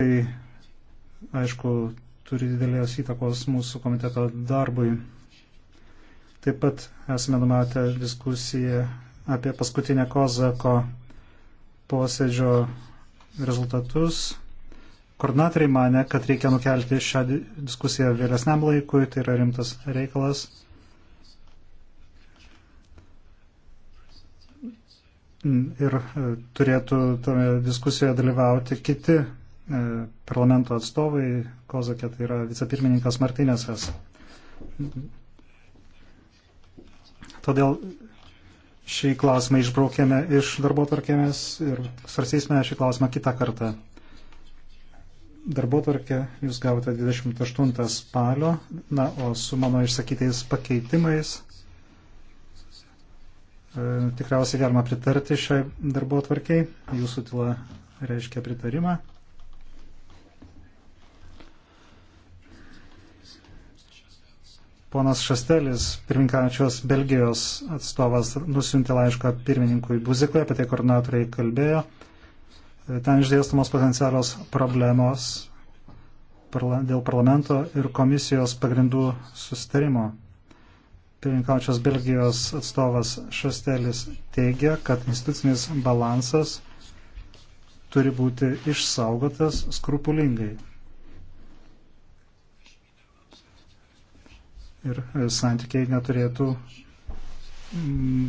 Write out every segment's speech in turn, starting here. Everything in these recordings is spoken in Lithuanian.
Tai, aišku, turi didelės įtakos mūsų komiteto darbui. Taip pat esame numatę diskusiją apie paskutinę Kozako posėdžio rezultatus. Koordinatoriai mane, kad reikia nukelti šią diskusiją vėlesniam laikui, tai yra rimtas reikalas. Ir e, turėtų toje diskusijoje dalyvauti kiti E, parlamento atstovai, Kozakė tai yra vicepirmininkas Martinėsas. Todėl šį klausimą išbraukėme iš darbo tvarkėmės ir svarstysime šį klausimą kitą kartą. Darbo tvarkė jūs gavote 28 spalio, na, o su mano išsakytais pakeitimais e, tikriausiai galima pritarti šiai darbo tvarkiai. Jūsų tila reiškia pritarimą. Ponas Šastelis, pirmininkančios Belgijos atstovas, nusiuntė laišką pirmininkui Buzikui, apie tai koordinatoriai kalbėjo. Ten išdėstamos potencialios problemos dėl parlamento ir komisijos pagrindų sustarimo. Pirmininkančios Belgijos atstovas Šastelis teigia, kad institucinis balansas turi būti išsaugotas skrupulingai. ir e, santykiai neturėtų mm,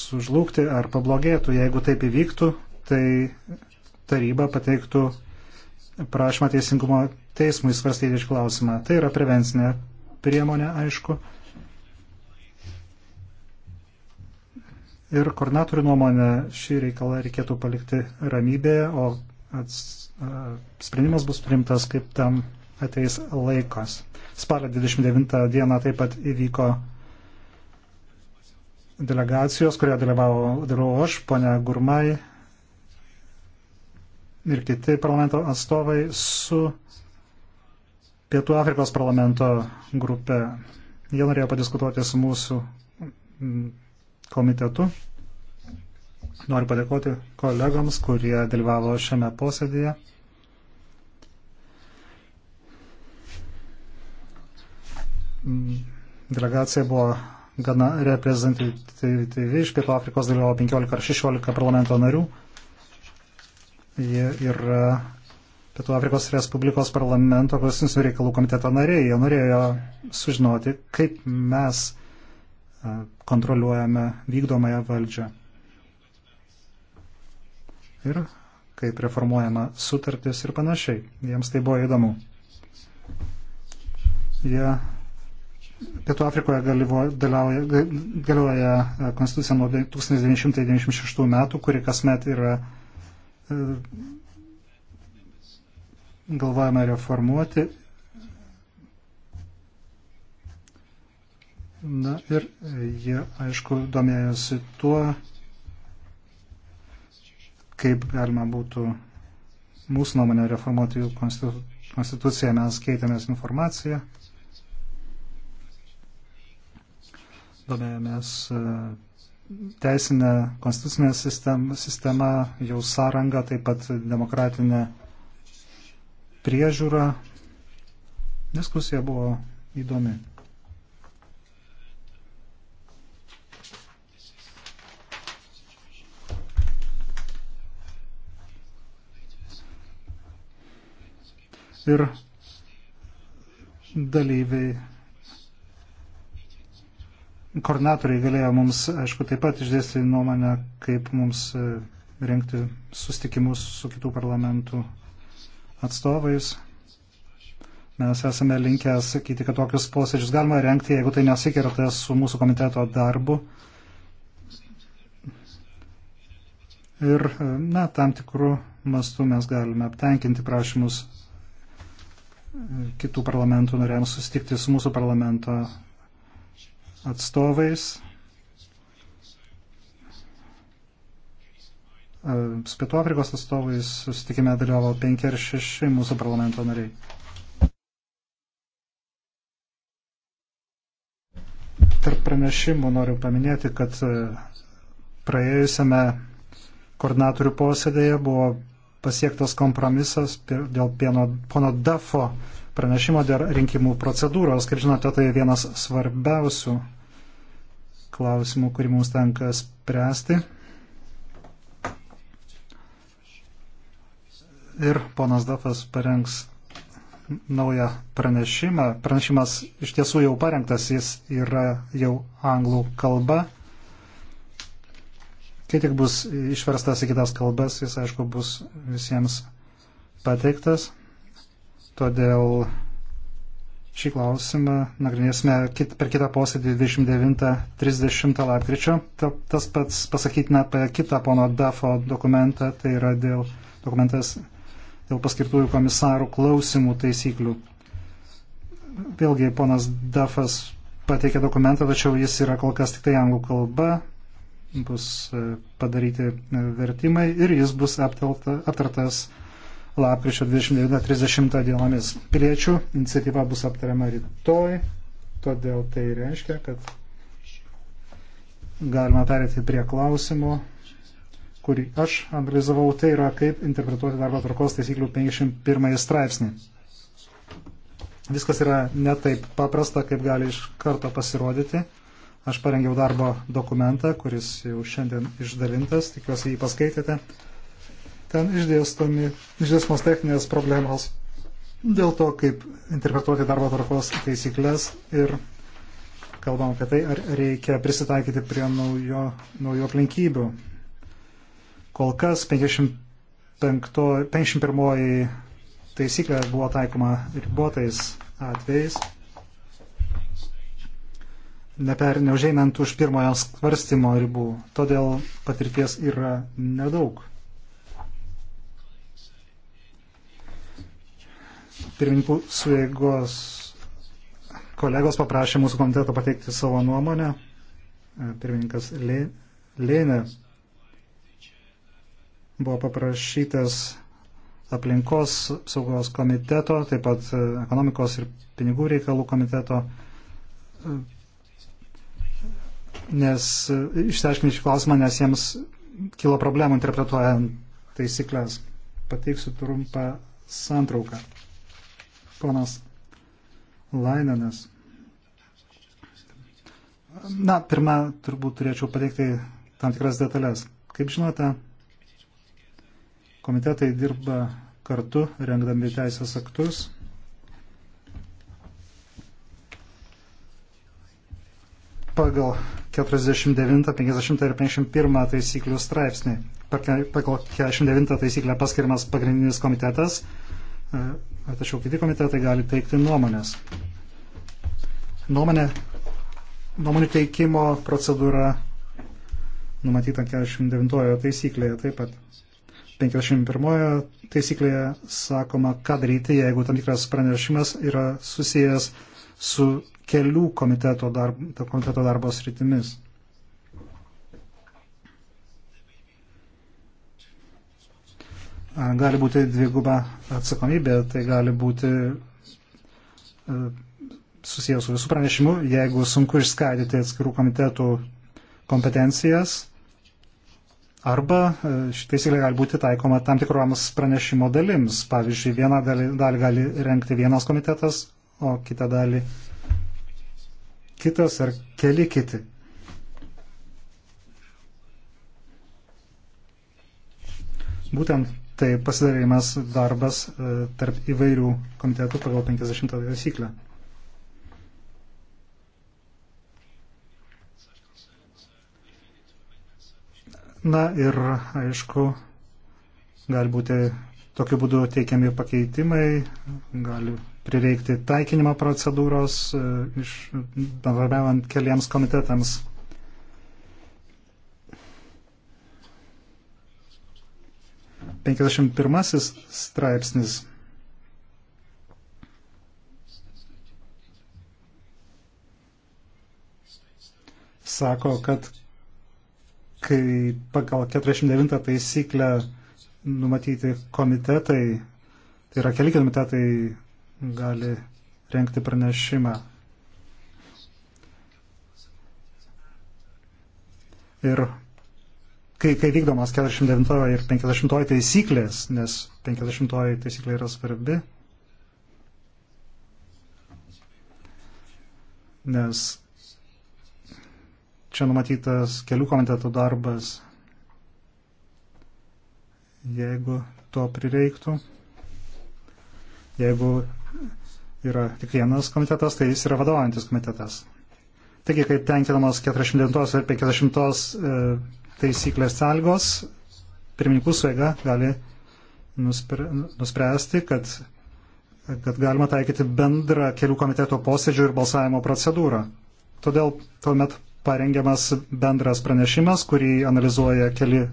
sužlugti ar pablogėtų. Jeigu taip įvyktų, tai taryba pateiktų prašymą teisingumo teismui svarstyti iš klausimą. Tai yra prevencinė priemonė, aišku. Ir koordinatorių nuomonė šį reikalą reikėtų palikti ramybėje, o ats, a, sprendimas bus priimtas, kaip tam ateis laikas. Spalio 29 dieną taip pat įvyko delegacijos, kurioje dalyvavo, dalyvavo aš, ponia Gurmai ir kiti parlamento atstovai su Pietų Afrikos parlamento grupė. Jie norėjo padiskutuoti su mūsų mm, komitetu. Noriu padėkoti kolegams, kurie dalyvavo šiame posėdėje. Mm, delegacija buvo gana reprezentatyvi iš Pietų Afrikos dalyvavo 15 ar 16 parlamento narių. Jie yra e, Pietų Afrikos Respublikos parlamento konstitucinių reikalų komiteto nariai. Jie norėjo sužinoti, kaip mes e, kontroliuojame vykdomąją valdžią. Ir kaip reformuojama sutartis ir panašiai. Jiems tai buvo įdomu. Jie Pietų Afrikoje galioja e, konstitucija nuo 1996 metų, kuri kasmet yra e, galvojama reformuoti. Na ir jie, aišku, domėjosi tuo, kaip galima būtų mūsų nuomonę reformuoti jų konstituciją. Mes keitėmės informaciją. domėjomės e, teisinę konstitucinę sistemą, sistemą jau sąrangą, taip pat demokratinę priežiūrą. Diskusija buvo įdomi. Ir dalyviai koordinatoriai galėjo mums, aišku, taip pat išdėstyti nuomonę, kaip mums e, rengti sustikimus su kitų parlamentų atstovais. Mes esame linkę sakyti, kad tokius posėdžius galima rengti, jeigu tai nesikerta su mūsų komiteto darbu. Ir, e, na, tam tikrų mastų mes galime aptenkinti prašymus e, kitų parlamentų norėjams susitikti su mūsų parlamento atstovais. E, Pietų Afrikos atstovais susitikime dalyvavo 5 ir 6 mūsų parlamento nariai. Tarp pranešimų noriu paminėti, kad e, praėjusiame koordinatorių posėdėje buvo pasiektas kompromisas dėl pieno, pono Dafo pranešimo dėl rinkimų procedūros. Kaip žinote, tai vienas svarbiausių klausimų, kurį mums tenka spręsti. Ir ponas Dafas parengs naują pranešimą. Pranešimas iš tiesų jau parengtas, jis yra jau anglų kalba. Kai tik bus išverstas į kitas kalbas, jis aišku bus visiems pateiktas. Todėl šį klausimą nagrinėsime kit, per kitą posėdį 29-30 lapkričio. Ta, tas pats pasakytina apie kitą pono DAFO dokumentą, tai yra dėl, dokumentas dėl paskirtųjų komisarų klausimų taisyklių. Vėlgi ponas DAFas pateikė dokumentą, tačiau jis yra kol kas tik tai anglų kalba, bus e, padaryti e, vertimai ir jis bus aptelta, aptartas lapkričio 29-30 dienomis. Piliečių iniciatyva bus aptariama rytoj, todėl tai reiškia, kad galima perėti prie klausimo, kurį aš analizavau, tai yra kaip interpretuoti darbo tvarkos taisyklių 51 straipsnį. Viskas yra netaip paprasta, kaip gali iš karto pasirodyti. Aš parengiau darbo dokumentą, kuris jau šiandien išdalintas, tikiuosi jį paskaitėte. Ten išdėstomos techninės problemos dėl to, kaip interpretuoti darbo tvarkos taisyklės ir kalbam apie tai, ar reikia prisitaikyti prie naujo, naujo aplinkybių. Kol kas 55, 51 taisyklė buvo taikoma ribotais atvejais neper, neužeinant už pirmojo svarstymo ribų. Todėl patirties yra nedaug. Pirmininkų suėgos kolegos paprašė mūsų komiteto pateikti savo nuomonę. Pirmininkas Lėnė buvo paprašytas aplinkos saugos komiteto, taip pat ekonomikos ir pinigų reikalų komiteto nes e, išsiaiškinti šį klausimą, nes jiems kilo problemų interpretuojant taisyklės. Pateiksiu trumpą santrauką. Ponas Lainanas. Na, pirmą turbūt turėčiau pateikti tam tikras detalės. Kaip žinote, komitetai dirba kartu, rengdami teisės aktus pagal 49, 50 ir 51 taisyklių straipsnį. Pagal 49 taisyklę paskirimas pagrindinis komitetas, e, tačiau kiti komitetai gali teikti nuomonės. Nuomonė, nuomonių teikimo procedūra numatyta 49 taisyklėje taip pat. 51 taisyklėje sakoma, ką daryti, jeigu tam tikras pranešimas yra susijęs su kelių komiteto, darb, komiteto darbo sritimis. Gali būti dviguba atsakomybė, tai gali būti e, susijęs su visų pranešimu, jeigu sunku išskaidyti atskirų komitetų kompetencijas, arba e, šitą taisyklę gali būti taikoma tam tikroms pranešimo dalims. Pavyzdžiui, vieną dalį, dalį gali renkti vienas komitetas, o kitą dalį kitas ar keli kiti. Būtent tai pasidavėjimas darbas e, tarp įvairių komitetų pagal 50 taisyklę. Na ir aišku, gali būti tokiu būdu teikiami pakeitimai, gali prireikti taikinimo procedūros e, iš bendradarbiavant keliems komitetams. Penkiasdešimt pirmasis straipsnis sako, kad kai pagal 49 taisyklę numatyti komitetai, tai yra keli komitetai gali renkti pranešimą. Ir kai, kai vykdomos 49 ir 50 taisyklės, nes 50 taisyklė yra svarbi, nes čia numatytas kelių komitetų darbas, jeigu to prireiktų. Jeigu yra tik vienas komitetas, tai jis yra vadovaujantis komitetas. Taigi, kaip tenkinamos 49 ir 50 e, taisyklės sąlygos, pirmininkų suėga gali nuspre, nuspręsti, kad, kad galima taikyti bendrą kelių komiteto posėdžių ir balsavimo procedūrą. Todėl tuomet parengiamas bendras pranešimas, kurį analizuoja keli e,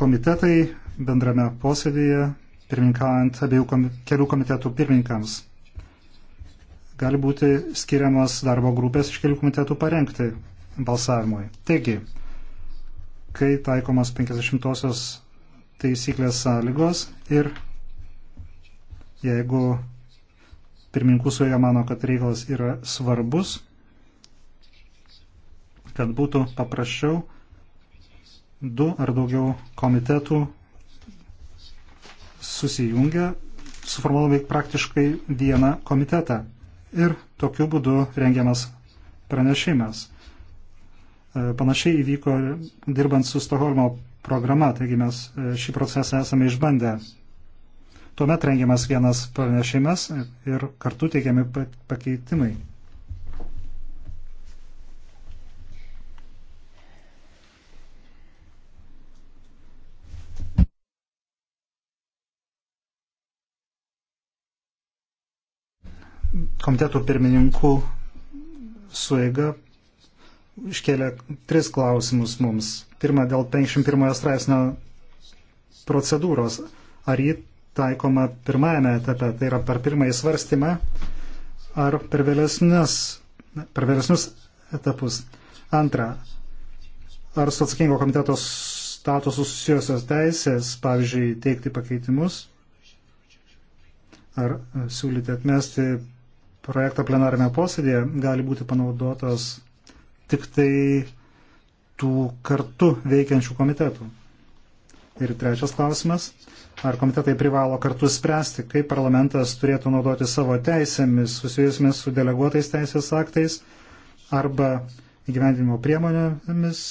komitetai bendrame posėdėje, pirmininkaujant abiejų komi kelių komitetų pirmininkams. Gali būti skiriamas darbo grupės iš kelių komitetų parengti balsavimui. Taigi, kai taikomas 50-osios taisyklės sąlygos ir jeigu pirmininkų suėga mano, kad reikalas yra svarbus, kad būtų paprasčiau du ar daugiau komitetų susijungę, suformuodami praktiškai vieną komitetą. Ir tokiu būdu rengiamas pranešimas. E, panašiai įvyko dirbant su Stoholmo programa, taigi mes e, šį procesą esame išbandę. Tuomet rengiamas vienas pranešimas ir kartu teikiami pakeitimai. komitetų pirmininkų suiga iškėlė tris klausimus mums. Pirma, dėl 51 straipsnio procedūros. Ar jį taikoma pirmajame etape, tai yra per pirmąjį svarstymą, ar per vėlesnius, per vėlesnius etapus. Antra, ar su atsakingo komiteto statusu susijusios teisės, pavyzdžiui, teikti pakeitimus, ar siūlyti atmesti projekto plenarime posėdėje gali būti panaudotos tik tai tų kartu veikiančių komitetų. Ir trečias klausimas. Ar komitetai privalo kartu spręsti, kaip parlamentas turėtų naudoti savo teisėmis susijusiamis su deleguotais teisės aktais arba įgyvendinimo priemonėmis,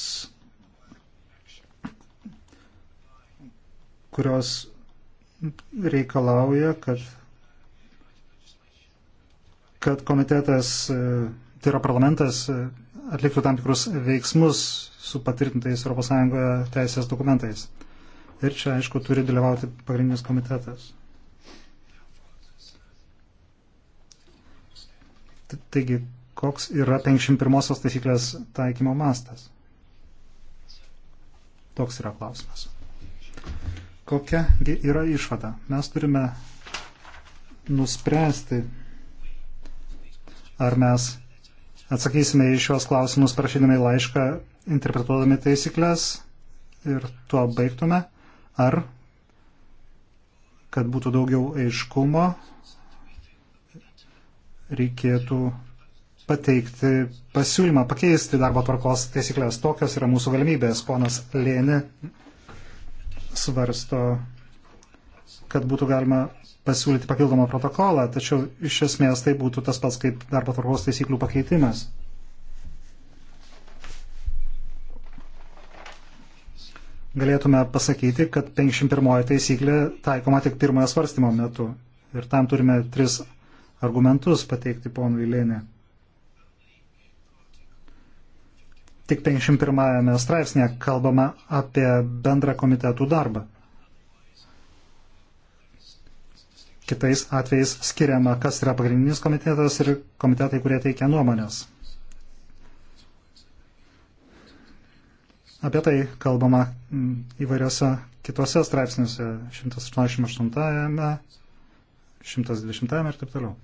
kurios reikalauja, kad kad komitetas, e, tai yra parlamentas, e, atliktų tam tikrus veiksmus su patvirtintais ES teisės dokumentais. Ir čia, aišku, turi dalyvauti pagrindinis komitetas. Taigi, koks yra 51 taisyklės taikymo mastas? Toks yra klausimas. Kokia yra išvada? Mes turime nuspręsti Ar mes atsakysime į šios klausimus prašydami laišką, interpretuodami taisyklės ir tuo baigtume, ar kad būtų daugiau aiškumo, reikėtų pateikti pasiūlymą pakeisti darbo tvarkos taisyklės. Tokios yra mūsų galimybės. Ponas Lėni svarsto, kad būtų galima pasiūlyti papildomą protokolą, tačiau iš esmės tai būtų tas pats kaip darbo tvarkos taisyklių pakeitimas. Galėtume pasakyti, kad 51 taisyklė taikoma tik pirmojo svarstymo metu. Ir tam turime tris argumentus pateikti ponui Lėnė. Tik 51 straipsnėje kalbama apie bendrą komitetų darbą. kitais atvejais skiriama, kas yra pagrindinis komitetas ir komitetai, kurie teikia nuomonės. Apie tai kalbama įvairiose kitose straipsniuose 188, 120 ir taip toliau.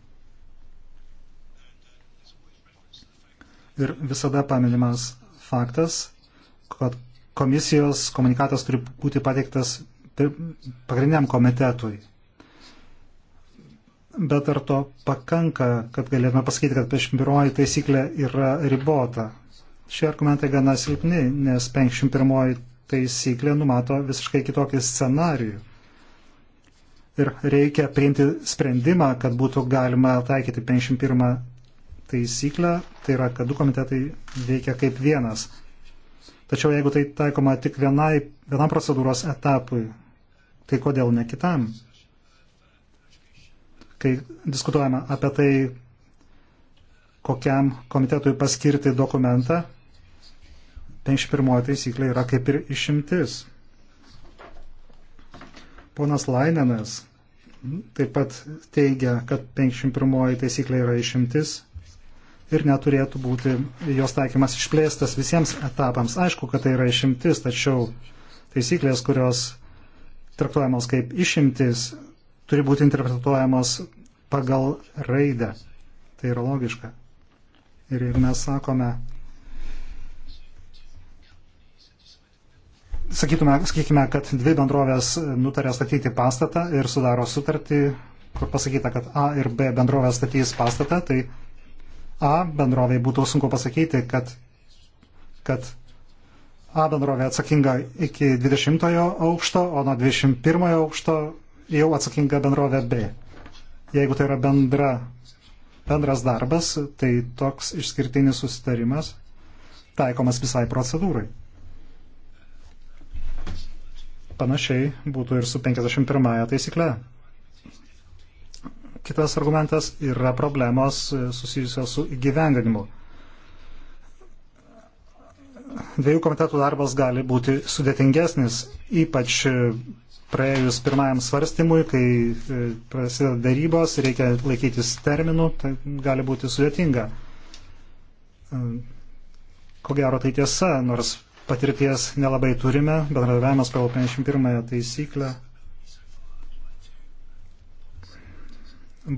Ir visada paminimas faktas, kad komisijos komunikatas turi būti pateiktas pagrindiniam komitetui bet ar to pakanka, kad galėtume pasakyti, kad 51 taisyklė yra ribota? Šie argumentai gana silpni, nes 51 taisyklė numato visiškai kitokį scenarijų. Ir reikia priimti sprendimą, kad būtų galima taikyti 51 taisyklę, tai yra, kad du komitetai veikia kaip vienas. Tačiau jeigu tai taikoma tik vienai, vienam procedūros etapui, tai kodėl ne kitam? kai diskutuojame apie tai, kokiam komitetui paskirti dokumentą, 51 taisyklė yra kaip ir išimtis. Ponas Lainenas taip pat teigia, kad 51 taisyklė yra išimtis ir neturėtų būti jos taikymas išplėstas visiems etapams. Aišku, kad tai yra išimtis, tačiau taisyklės, kurios traktuojamos kaip išimtis, turi būti interpretuojamas pagal raidę. Tai yra logiška. Ir jeigu mes sakome, sakytume, sakykime, kad dvi bendrovės nutarė statyti pastatą ir sudaro sutartį, kur pasakyta, kad A ir B bendrovės statys pastatą, tai A bendroviai būtų sunku pasakyti, kad, kad A bendrovė atsakinga iki 20 aukšto, o nuo 21 aukšto jau atsakinga bendrovė B. Jeigu tai yra bendra, bendras darbas, tai toks išskirtinis susitarimas taikomas visai procedūrai. Panašiai būtų ir su 51 taisykle. Kitas argumentas yra problemos susijusios su įgyvendinimu dviejų komitetų darbas gali būti sudėtingesnis, ypač praėjus pirmajam svarstymui, kai e, prasideda darybos, reikia laikytis terminų, tai gali būti sudėtinga. E, ko gero tai tiesa, nors patirties nelabai turime, bendradavimas pagal 51 taisyklę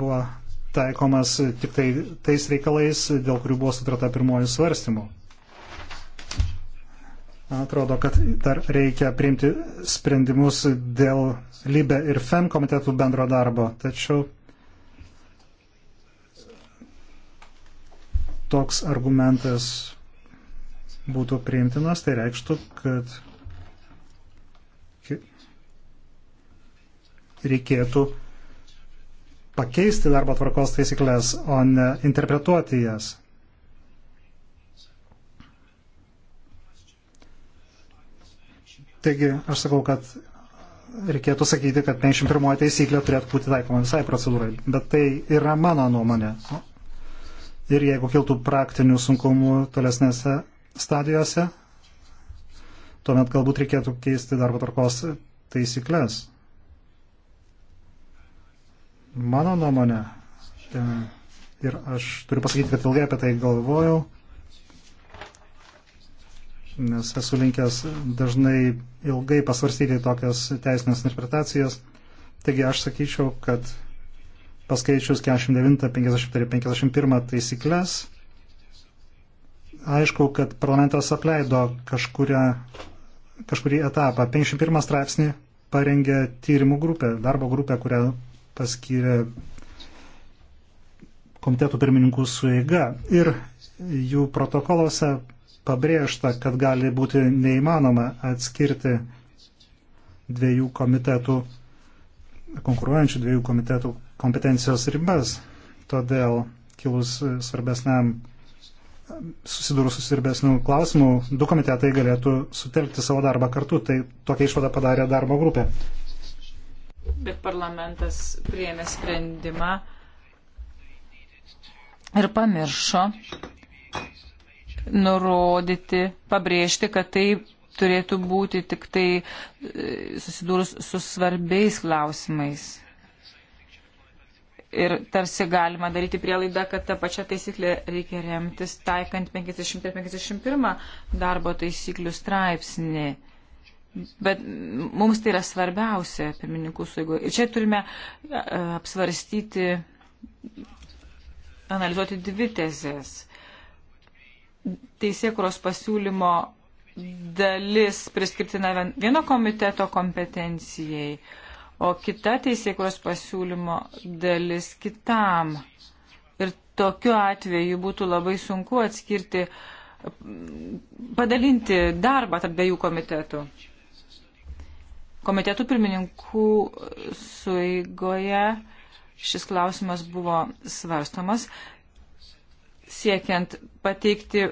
buvo taikomas tik tai tais reikalais, dėl kurių buvo sutrata pirmojų svarstymų. Man atrodo, kad dar reikia priimti sprendimus dėl Libe ir FEM komitetų bendro darbo. Tačiau toks argumentas būtų priimtinas, tai reikštų, kad reikėtų pakeisti darbo tvarkos taisyklės, o ne interpretuoti jas. Taigi, aš sakau, kad reikėtų sakyti, kad 51 taisyklė turėtų būti taikoma visai procedūrai, bet tai yra mano nuomonė. Ir jeigu kiltų praktinių sunkumų tolesnėse stadijose, tuomet galbūt reikėtų keisti darbo tarkos taisyklės. Mano nuomonė, e, ir aš turiu pasakyti, kad ilgai apie tai galvojau, nes esu linkęs dažnai ilgai pasvarstyti tokias teisinės interpretacijas. Taigi aš sakyčiau, kad paskaičius 49, 50 ir 51 taisyklės, aišku, kad parlamentas apleido kažkuria, kažkurį etapą. 51 straipsnį parengė tyrimų grupė, darbo grupė, kurią paskyrė komitetų pirmininkų sueiga. Ir jų protokoluose pabrėžta, kad gali būti neįmanoma atskirti dviejų komitetų, konkuruojančių dviejų komitetų kompetencijos ribas. Todėl kilus svarbesniam susidūrus su svarbesnių klausimų, du komitetai galėtų sutelkti savo darbą kartu. Tai tokia išvada padarė darbo grupė. Bet parlamentas priėmė sprendimą ir pamiršo, nurodyti, pabrėžti, kad tai turėtų būti tik tai e, susidūrus su svarbiais klausimais. Ir tarsi galima daryti prielaidą, kad tą pačią taisyklę reikia remtis taikant 50-51 darbo taisyklių straipsnį. Bet mums tai yra svarbiausia pirmininkų suigo. Ir čia turime e, apsvarstyti, analizuoti dvi tezės teisėkuros pasiūlymo dalis priskirtina vieno komiteto kompetencijai, o kita teisėkuros pasiūlymo dalis kitam. Ir tokiu atveju būtų labai sunku atskirti, padalinti darbą tarp dviejų komitetų. Komitetų pirmininkų suigoje šis klausimas buvo svarstomas siekiant pateikti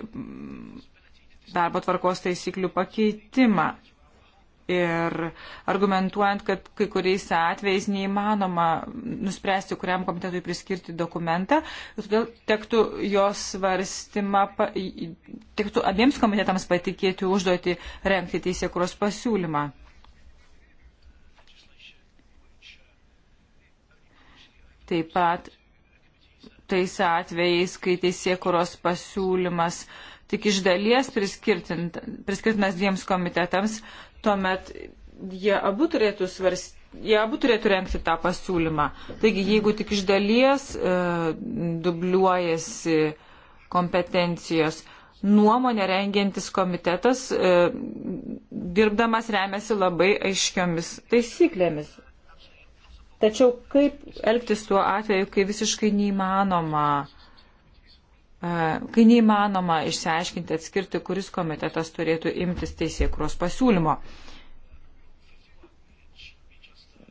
darbo tvarkos taisyklių pakeitimą ir argumentuojant, kad kai kuriais atvejais neįmanoma nuspręsti, kuriam komitetui priskirti dokumentą, todėl tektų jos svarstymą, tektų abiems komitetams patikėti užduoti renkti teisėkuros pasiūlymą. Taip pat tais atvejais, kai teisėkuros pasiūlymas tik iš dalies priskirtinas dviems komitetams, tuomet jie abu turėtų svarstyti. Jie abu turėtų renkti tą pasiūlymą. Taigi, jeigu tik iš dalies e, dubliuojasi kompetencijos, nuomonę rengiantis komitetas, e, dirbdamas remiasi labai aiškiomis taisyklėmis. Tačiau kaip elgtis tuo atveju, kai visiškai neįmanoma, e, kai neįmanoma išsiaiškinti, atskirti, kuris komitetas turėtų imtis teisėkros pasiūlymo.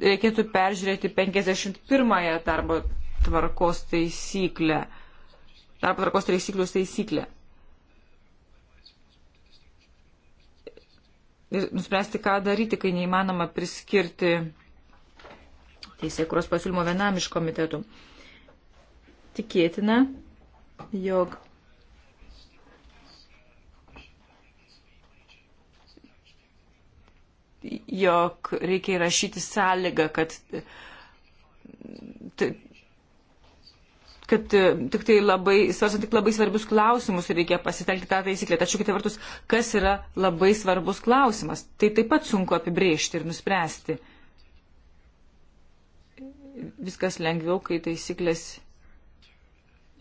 Reikėtų peržiūrėti 51-ąją darbo tvarkos taisyklę. Darbo tvarkos taisyklių taisyklę. Ir nuspręsti, ką daryti, kai neįmanoma priskirti teisėkuros pasiūlymo vienam iš komitetų. Tikėtina, jog jog reikia įrašyti sąlygą, kad, kad tik tai labai, svarstant tik labai svarbius klausimus reikia pasitelkti tą taisyklę. Tačiau kitą vertus, kas yra labai svarbus klausimas, tai taip pat sunku apibriežti ir nuspręsti viskas lengviau, kai taisyklės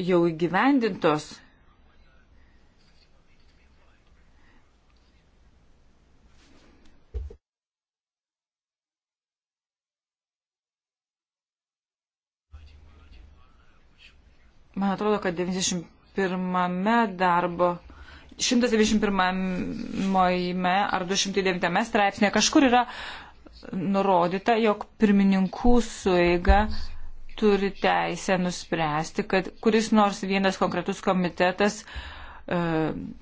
jau įgyvendintos. Man atrodo, kad 91 darbo 191 ar 209 straipsnė kažkur yra nurodyta, jog pirmininkų suiga turi teisę nuspręsti, kad kuris nors vienas konkretus komitetas e,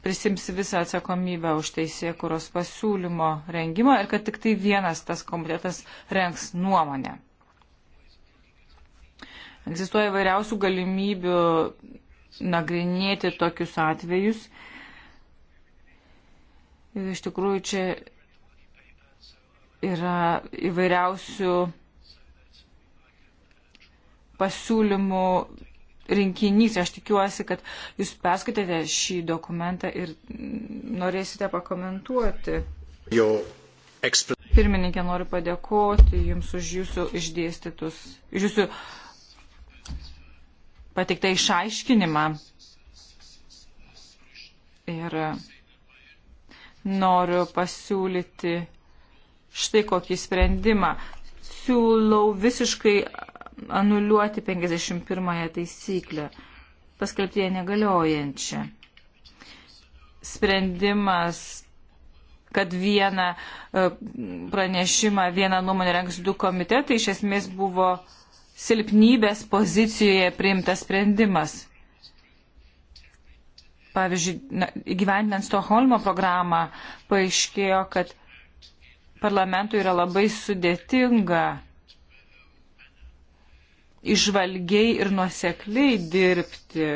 prisims visą atsakomybę už teisėkuros pasiūlymo rengimą ir kad tik tai vienas tas komitetas renks nuomonę. Egzistuoja vairiausių galimybių nagrinėti tokius atvejus. Ir iš tikrųjų čia yra įvairiausių pasiūlymų rinkinys. Aš tikiuosi, kad jūs perskaitėte šį dokumentą ir norėsite pakomentuoti. Pirmininkė, noriu padėkoti Jums už Jūsų išdėstytus, už Jūsų pateiktą išaiškinimą. Ir noriu pasiūlyti štai kokį sprendimą. Siūlau visiškai anuliuoti 51 taisyklę, paskelbti ją negaliojančią. Sprendimas, kad vieną e, pranešimą, vieną nuomonę renks du komitetai, iš esmės buvo silpnybės pozicijoje priimtas sprendimas. Pavyzdžiui, gyvendinant Stoholmo programą, paaiškėjo, kad parlamentui yra labai sudėtinga išvalgiai ir nuosekliai dirbti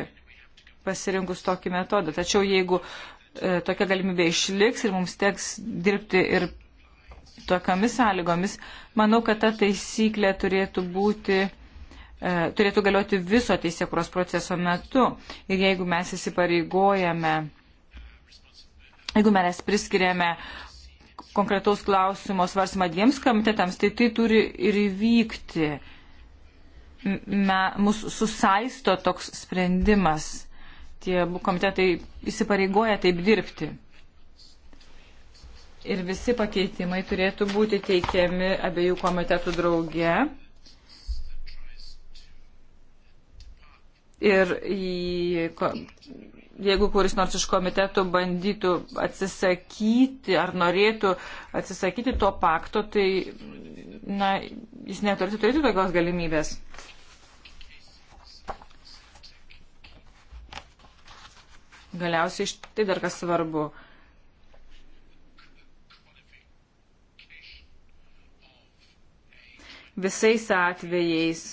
pasirinkus tokį metodą. Tačiau jeigu e, tokia galimybė išliks ir mums teks dirbti ir tokiamis sąlygomis, manau, kad ta taisyklė turėtų būti e, turėtų galioti viso teisėkuros proceso metu. Ir jeigu mes įsipareigojame, jeigu mes priskiriame konkretaus klausimo svarsmą dviems komitetams, tai tai turi ir įvykti. Mūsų susaisto toks sprendimas. Tie abu komitetai įsipareigoja taip dirbti. Ir visi pakeitimai turėtų būti teikiami abiejų komitetų drauge. Ir į jeigu kuris nors iš komitetų bandytų atsisakyti ar norėtų atsisakyti to pakto, tai na, jis neturėtų turėti tokios galimybės. Galiausiai tai dar kas svarbu. Visais atvejais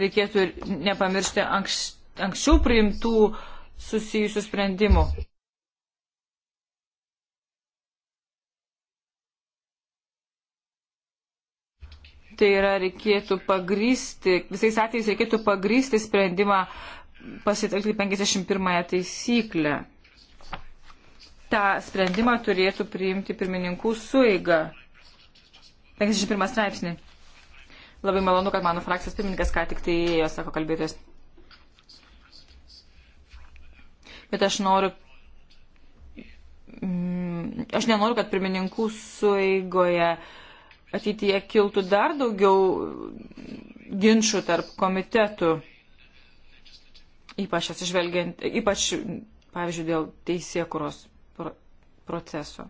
reikėtų nepamiršti anks, anksčiau priimtų susijusių sprendimų. Tai yra, reikėtų pagrysti, visais atvejais reikėtų pagrysti sprendimą pasitelkti 51 taisyklę. Ta sprendimą turėtų priimti pirmininkų suiga. 51 straipsnį. Labai malonu, kad mano frakcijos pirmininkas ką tik tai įėjo, sako kalbėtojas. Bet aš noriu. Mm, aš nenoriu, kad pirmininkų sueigoje ateityje kiltų dar daugiau ginčių tarp komitetų, ypač atsižvelgiant, ypač, pavyzdžiui, dėl teisėkuros proceso.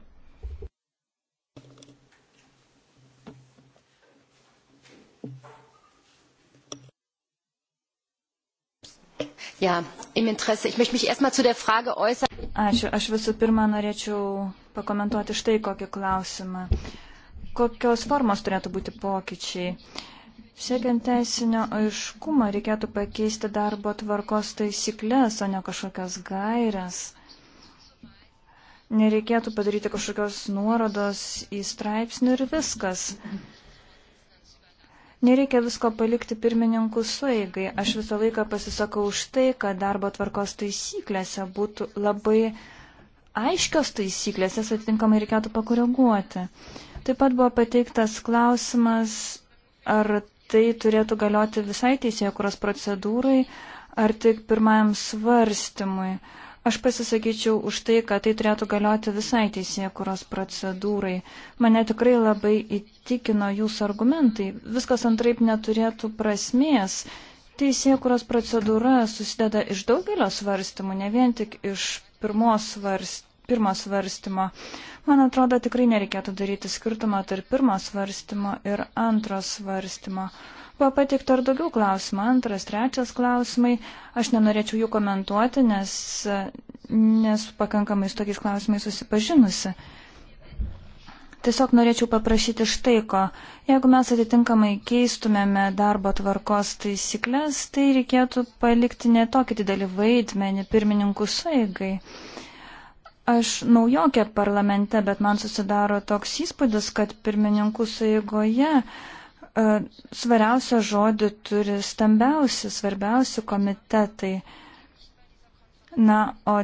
ja, im Interesse. Ich möchte mich erstmal zu der Frage äußern. Ačiū. Aš visų pirma norėčiau pakomentuoti štai kokį klausimą. Kokios formos turėtų būti pokyčiai? Siekiant teisinio aiškumo reikėtų pakeisti darbo tvarkos taisyklės, o ne kažkokias gairias. Nereikėtų padaryti kažkokios nuorodos į straipsnių ir viskas. Mhm Nereikia visko palikti pirmininkų sueigai. Aš visą laiką pasisakau už tai, kad darbo tvarkos taisyklėse būtų labai aiškios taisyklės, jas atitinkamai reikėtų pakoreguoti. Taip pat buvo pateiktas klausimas, ar tai turėtų galioti visai teisėjų kuros procedūrai, ar tik pirmajam svarstymui. Uh, Aš pasisakyčiau už tai, kad tai turėtų galioti visai teisėkuros procedūrai. Mane tikrai labai įtikino jūsų argumentai. Viskas antraip neturėtų prasmės. Teisėkuros procedūra susideda iš daugelio svarstymų, ne vien tik iš pirmos svarstymų. Pirmo svarstymo. Man atrodo, tikrai nereikėtų daryti skirtumą tarp pirmo svarstymo ir antro svarstymo. Buvo pateikta ir daugiau klausimų. Antras, trečias klausimai. Aš nenorėčiau jų komentuoti, nes nesu pakankamai su tokiais klausimais susipažinusi. Tiesiog norėčiau paprašyti štai ko. Jeigu mes atitinkamai keistumėme darbo tvarkos taisyklės, tai reikėtų palikti netokį didelį vaidmenį pirmininkų saigai. Aš naujokė parlamente, bet man susidaro toks įspūdis, kad pirmininkų saigoje. Yeah E, svariausią žodį turi stambiausi, svarbiausi komitetai. Na, o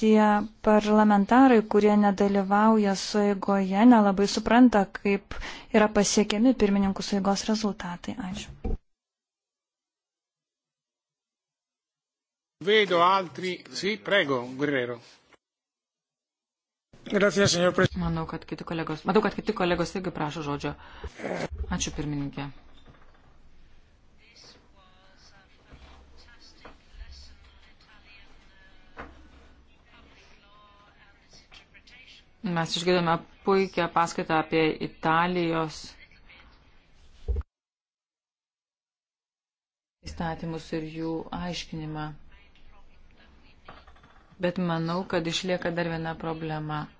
tie parlamentarai, kurie nedalyvauja suigoje, nelabai supranta, kaip yra pasiekiami pirmininkų suigos rezultatai. Ačiū. Vedo altri. Sì, si, prego, Guerrero. Gracias, señor presidente. Manau, kad kiti kolegos, matau, kad kiti kolegos irgi prašo žodžio. Ačiū, pirmininkė. Mes išgirdome puikią paskaitą apie Italijos įstatymus ir jų aiškinimą. Bet manau, kad išlieka dar viena problema –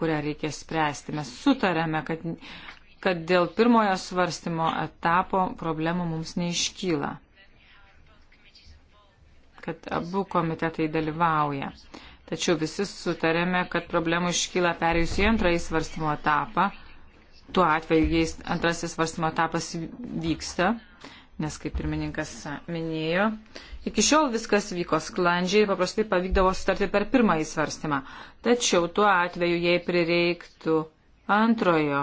kurią reikės spręsti. Mes sutarėme, kad, kad dėl pirmojo svarstymo etapo problemų mums neiškyla, kad abu komitetai dalyvauja. Tačiau visi sutarėme, kad problemų iškyla perėjus į antrąjį svarstymo etapą. Tuo atveju, jei antrasis svarstymo etapas vyksta, nes, kaip pirmininkas minėjo, iki šiol viskas vyko sklandžiai, paprastai pavykdavo sutarti per pirmąjį svarstymą. Tačiau tuo atveju, jei prireiktų antrojo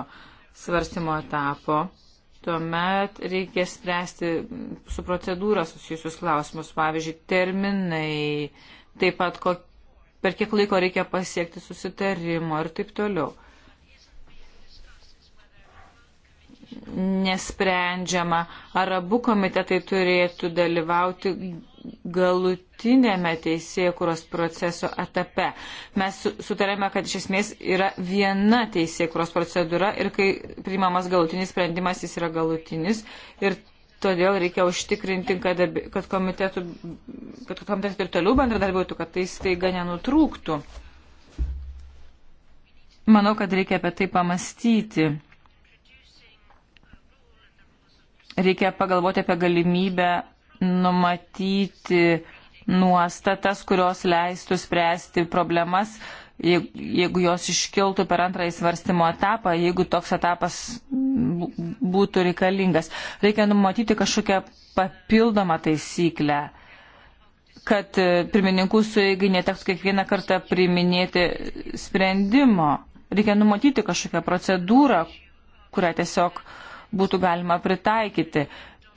svarstymo etapo, tuomet reikia spręsti su procedūra susijusius klausimus, pavyzdžiui, terminai, taip pat kok, per kiek laiko reikia pasiekti susitarimo ir taip toliau. nesprendžiama, ar abu komitetai turėtų dalyvauti galutinėme teisėkuros proceso etape. Mes sutarėme, kad iš esmės yra viena teisėkuros procedūra ir kai priimamas galutinis sprendimas, jis yra galutinis ir todėl reikia užtikrinti, kad, kad, komitetų, kad komitetai ir toliau bendradarbiautų, kad tai staiga nenutrūktų. Manau, kad reikia apie tai pamastyti. reikia pagalvoti apie galimybę numatyti nuostatas, kurios leistų spręsti problemas, jeigu jos iškiltų per antrąjį svarstymo etapą, jeigu toks etapas būtų reikalingas. Reikia numatyti kažkokią papildomą taisyklę kad e, pirmininkų sueigai neteks kiekvieną kartą priminėti sprendimo. Reikia numatyti kažkokią procedūrą, kurią tiesiog uh, būtų galima pritaikyti.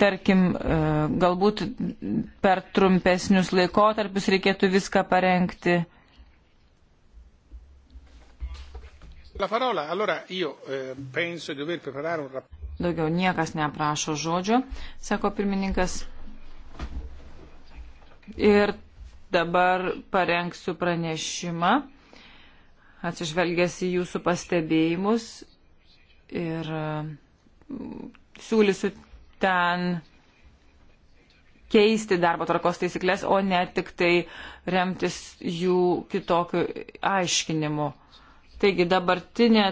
Tarkim, e, galbūt per trumpesnius laikotarpius reikėtų viską parengti. E, Daugiau niekas neprašo žodžio, sako pirmininkas. Ir dabar parengsiu pranešimą, atsižvelgęs į jūsų pastebėjimus ir siūlysiu ten keisti darbo tvarkos taisyklės, o ne tik tai remtis jų kitokiu aiškinimu. Taigi dabartinė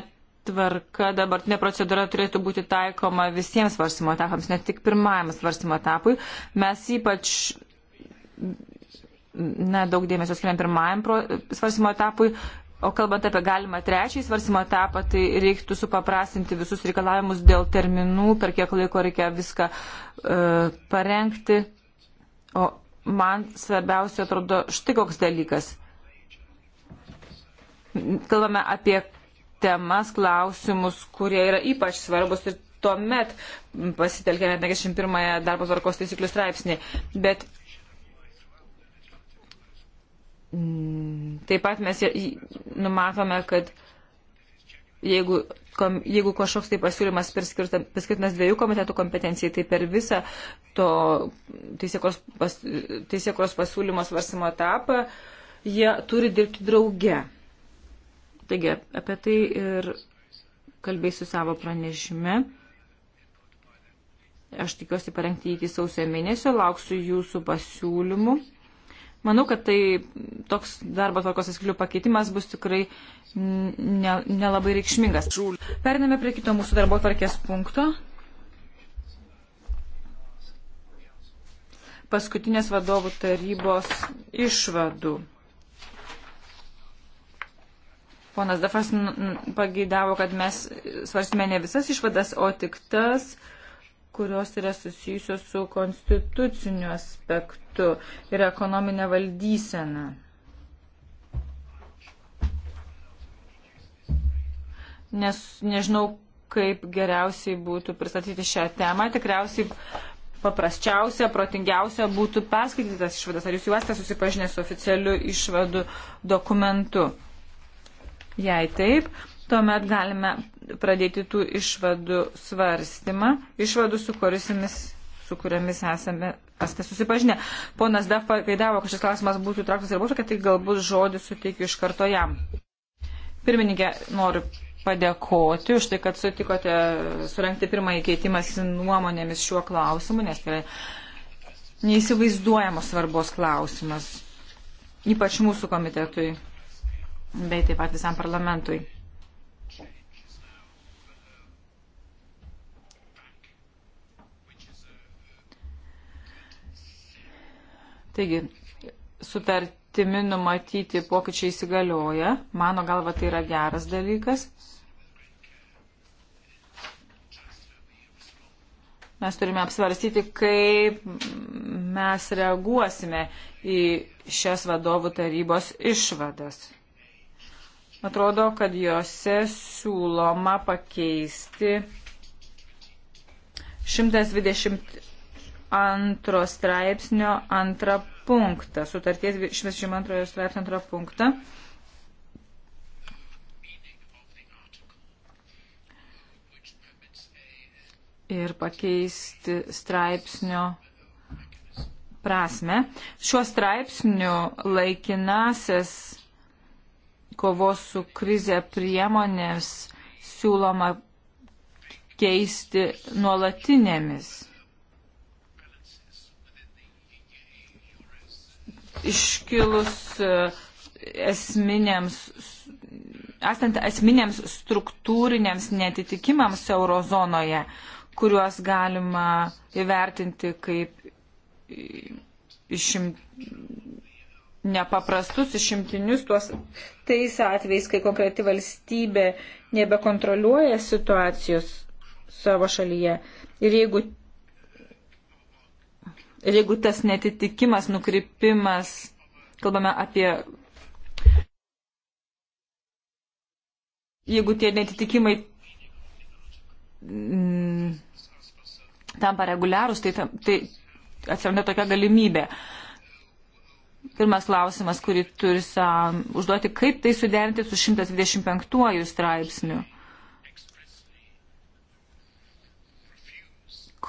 tvarka, dabartinė procedūra turėtų būti taikoma visiems svarstymo etapams, ne tik pirmajam svarstymo etapui. Mes ypač na, daug dėmesio skiriam pirmajam svarstymo etapui O kalbant apie galimą trečiąjį svarsimo etapą, tai reiktų supaprastinti visus reikalavimus dėl terminų, per kiek laiko reikia viską e, parengti. O man svarbiausia atrodo štai koks dalykas. Kalbame apie temas, klausimus, kurie yra ypač svarbus ir tuomet pasitelkėme 51 darbo tvarkos taisyklių straipsnį. Bet Mm, taip pat mes numatome, kad jeigu, kom, jeigu kažkoks tai pasiūlymas priskirtas dviejų komitetų kompetencijai, tai per visą to teisėkos, pas, teisėkos pasiūlymo svarsimo etapą jie turi dirbti drauge. Taigi apie tai ir kalbėsiu savo pranešime. Aš tikiuosi parengti iki sausio mėnesio, lauksiu jūsų pasiūlymų. Manau, kad tai toks darbo tvarkos taisyklių pakeitimas bus tikrai nelabai ne, ne reikšmingas. Periname prie kito mūsų darbo tvarkės punkto. Paskutinės vadovų tarybos išvadų. Ponas Dafas pageidavo, kad mes svarstume ne visas išvadas, o tik tas, uh, kurios yra susijusios su konstituciniu aspektu ir ekonominė valdysena. Nes nežinau, kaip geriausiai būtų pristatyti šią temą. Tikriausiai paprasčiausia, protingiausia būtų perskaityti tas išvadas. Ar jūs jau esate susipažinę su oficialiu išvadų dokumentu? Jei taip, Tuomet galime pradėti tų išvadų svarstymą, išvadų, su kuriamis, su kuriamis esame esate susipažinę. Ponas Daf pagaidavo, kad šis klausimas būtų traktas ir būtų, kad tai galbūt žodį suteikiu iš karto jam. Pirmininkė, noriu padėkoti už tai, kad sutikote surenkti pirmąjį keitimas nuomonėmis šiuo klausimu, nes tai yra neįsivaizduojamos svarbos klausimas, ypač mūsų komitetui, bei taip pat visam parlamentui. Taigi, sutartimi numatyti pokyčiai įsigalioja. Mano galva tai yra geras dalykas. Mes turime apsvarstyti, kaip mes reaguosime į šias vadovų tarybos išvadas. Atrodo, kad juose siūloma pakeisti 120, antro straipsnio antrą punktą, sutarties 22 straipsnio antrą punktą. Ir pakeisti straipsnio prasme. Šiuo straipsniu laikinasis kovos su krize priemonės siūloma keisti nuolatinėmis. iškilus e, esminėms, esant esminėms struktūrinėms netitikimams eurozonoje, kuriuos galima įvertinti kaip išim, nepaprastus išimtinius tuos tais atvejais, kai konkreti valstybė nebekontroliuoja situacijos savo šalyje. Ir jeigu Ir jeigu tas netitikimas, nukrypimas, kalbame apie. Jeigu tie netitikimai mm, tampa reguliarūs, tai, tai atsiranda tokia galimybė. Pirmas klausimas, kurį turi sam, užduoti, kaip tai suderinti su 125 straipsniu,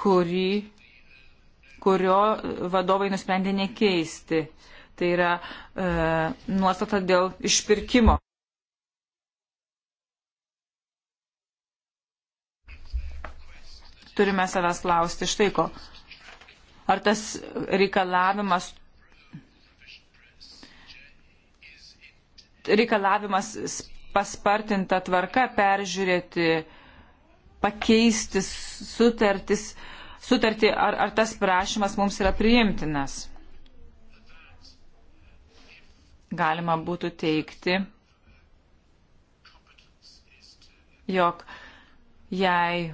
kurį kurio vadovai nusprendė nekeisti. Tai yra e, nuostata dėl išpirkimo. Turime savęs klausti štai ko. Ar tas reikalavimas reikalavimas paspartinta tvarka peržiūrėti, pakeisti sutartis, uh, sutartį, ar, ar tas prašymas mums yra priimtinas. Galima būtų teikti, jog jei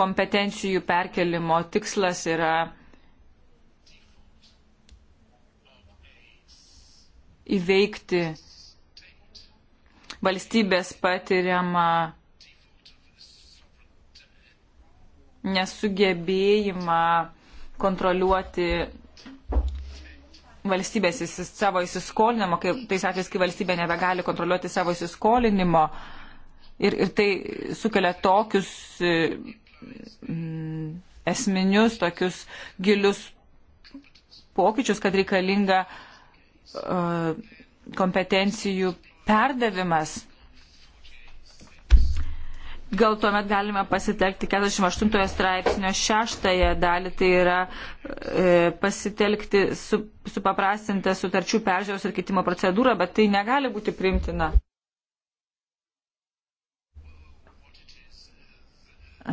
kompetencijų perkelimo tikslas yra įveikti valstybės patiriamą nesugebėjimą kontroliuoti valstybės savo įsiskolinimo, kai, tais atvejais, kai valstybė nebegali kontroliuoti savo įsiskolinimo ir, ir tai sukelia tokius e, mm, esminius, tokius gilius pokyčius, kad reikalinga uh, kompetencijų perdavimas gal tuomet galime pasitelkti 48 straipsnio šeštąją dalį, tai yra e, pasitelkti su, supaprastintą sutarčių peržiūros ir kitimo procedūrą, bet tai negali būti primtina.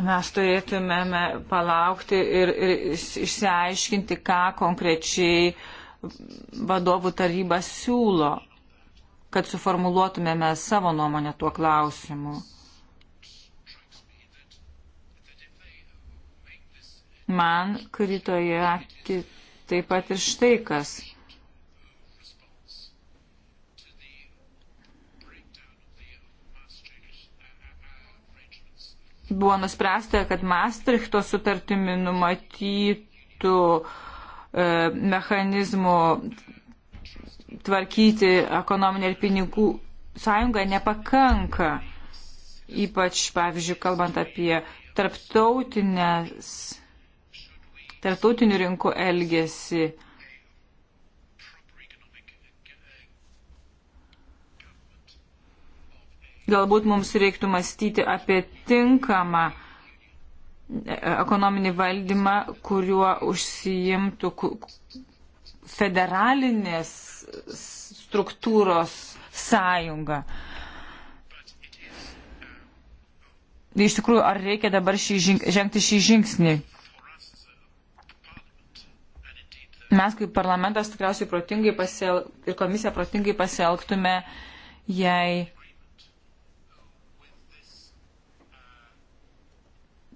Mes turėtumėme palaukti ir, ir išsiaiškinti, ką konkrečiai vadovų taryba siūlo, kad suformuluotumėme savo nuomonę tuo klausimu. man kritoje taip pat ir štai kas. Buvo nuspręsta, kad Maastrichto sutartimi numatytų e, mechanizmų tvarkyti ekonominę ir pinigų sąjungą nepakanka, ypač, pavyzdžiui, kalbant apie tarptautinės tarptautinių rinkų elgesį. Galbūt mums reiktų mąstyti apie tinkamą e, ekonominį valdymą, kuriuo užsijimtų federalinės struktūros sąjunga. Tai iš tikrųjų, ar reikia dabar šį žing, žengti šį žingsnį? Mes kaip parlamentas tikriausiai protingai pasiel, ir komisija protingai pasielgtume, jei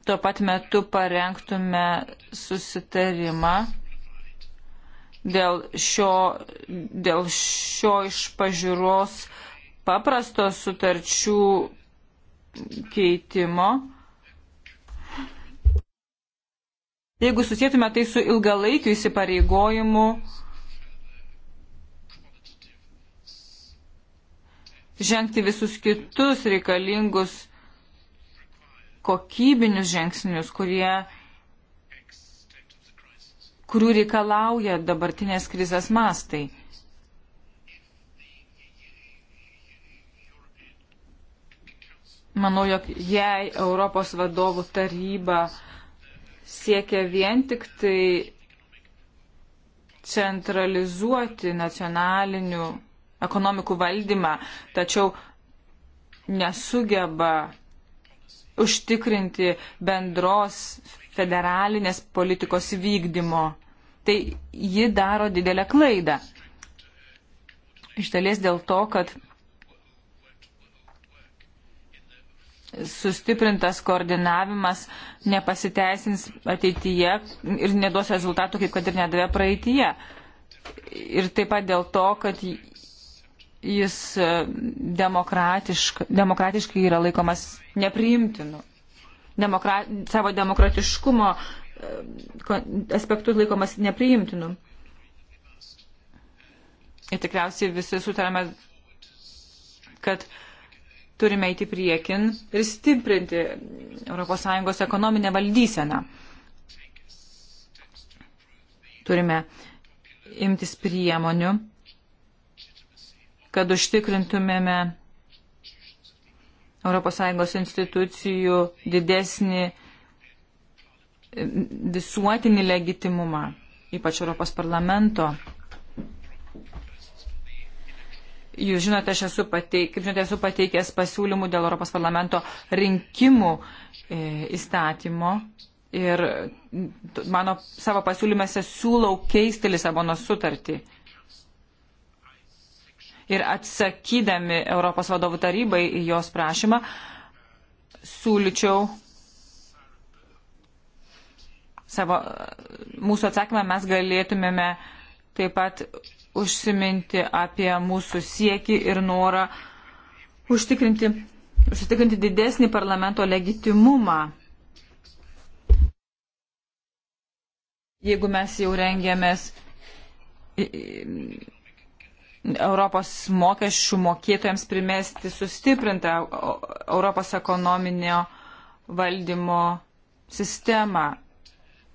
tuo pat metu parengtume susitarimą dėl šio, dėl šio iš pažiūros paprasto sutarčių keitimo jeigu susijėtume tai su ilgalaikiu įsipareigojimu žengti visus kitus reikalingus kokybinius žingsnius, kurie, kurių reikalauja dabartinės krizės mastai. Manau, jog jei Europos vadovų taryba uh, siekia vien tik tai centralizuoti nacionalinių ekonomikų valdymą, tačiau nesugeba užtikrinti bendros federalinės politikos vykdymo. Tai ji daro didelę klaidą. Iš dalies dėl to, kad sustiprintas koordinavimas nepasiteisins ateityje ir neduos rezultatų, kaip kad ir nedavė praeityje. Ir taip pat dėl to, kad jis e, demokratiškai, demokratiškai yra laikomas nepriimtinu. Demokra, savo demokratiškumo e, aspektus laikomas nepriimtinu. Ir tikriausiai visi sutarėme, kad uh, turime eiti priekin ir stiprinti ES ekonominę valdyseną. Turime imtis priemonių, kad užtikrintumėme ES institucijų didesnį visuotinį legitimumą, ypač Europos parlamento Jūs žinote, aš esu, pateik, kaip žinote, esu pateikęs pasiūlymų dėl Europos parlamento rinkimų e, įstatymo ir mano savo pasiūlymėse siūlau keisti Lisabonos sutartį. Ir atsakydami Europos vadovų tarybai į jos prašymą, siūlyčiau savo, mūsų atsakymą mes galėtumėme taip pat užsiminti apie mūsų siekį ir norą užtikrinti, užtikrinti didesnį parlamento legitimumą. Jeigu mes jau rengėmės Europos mokesčių mokėtojams primesti sustiprintą Europos ekonominio valdymo sistemą,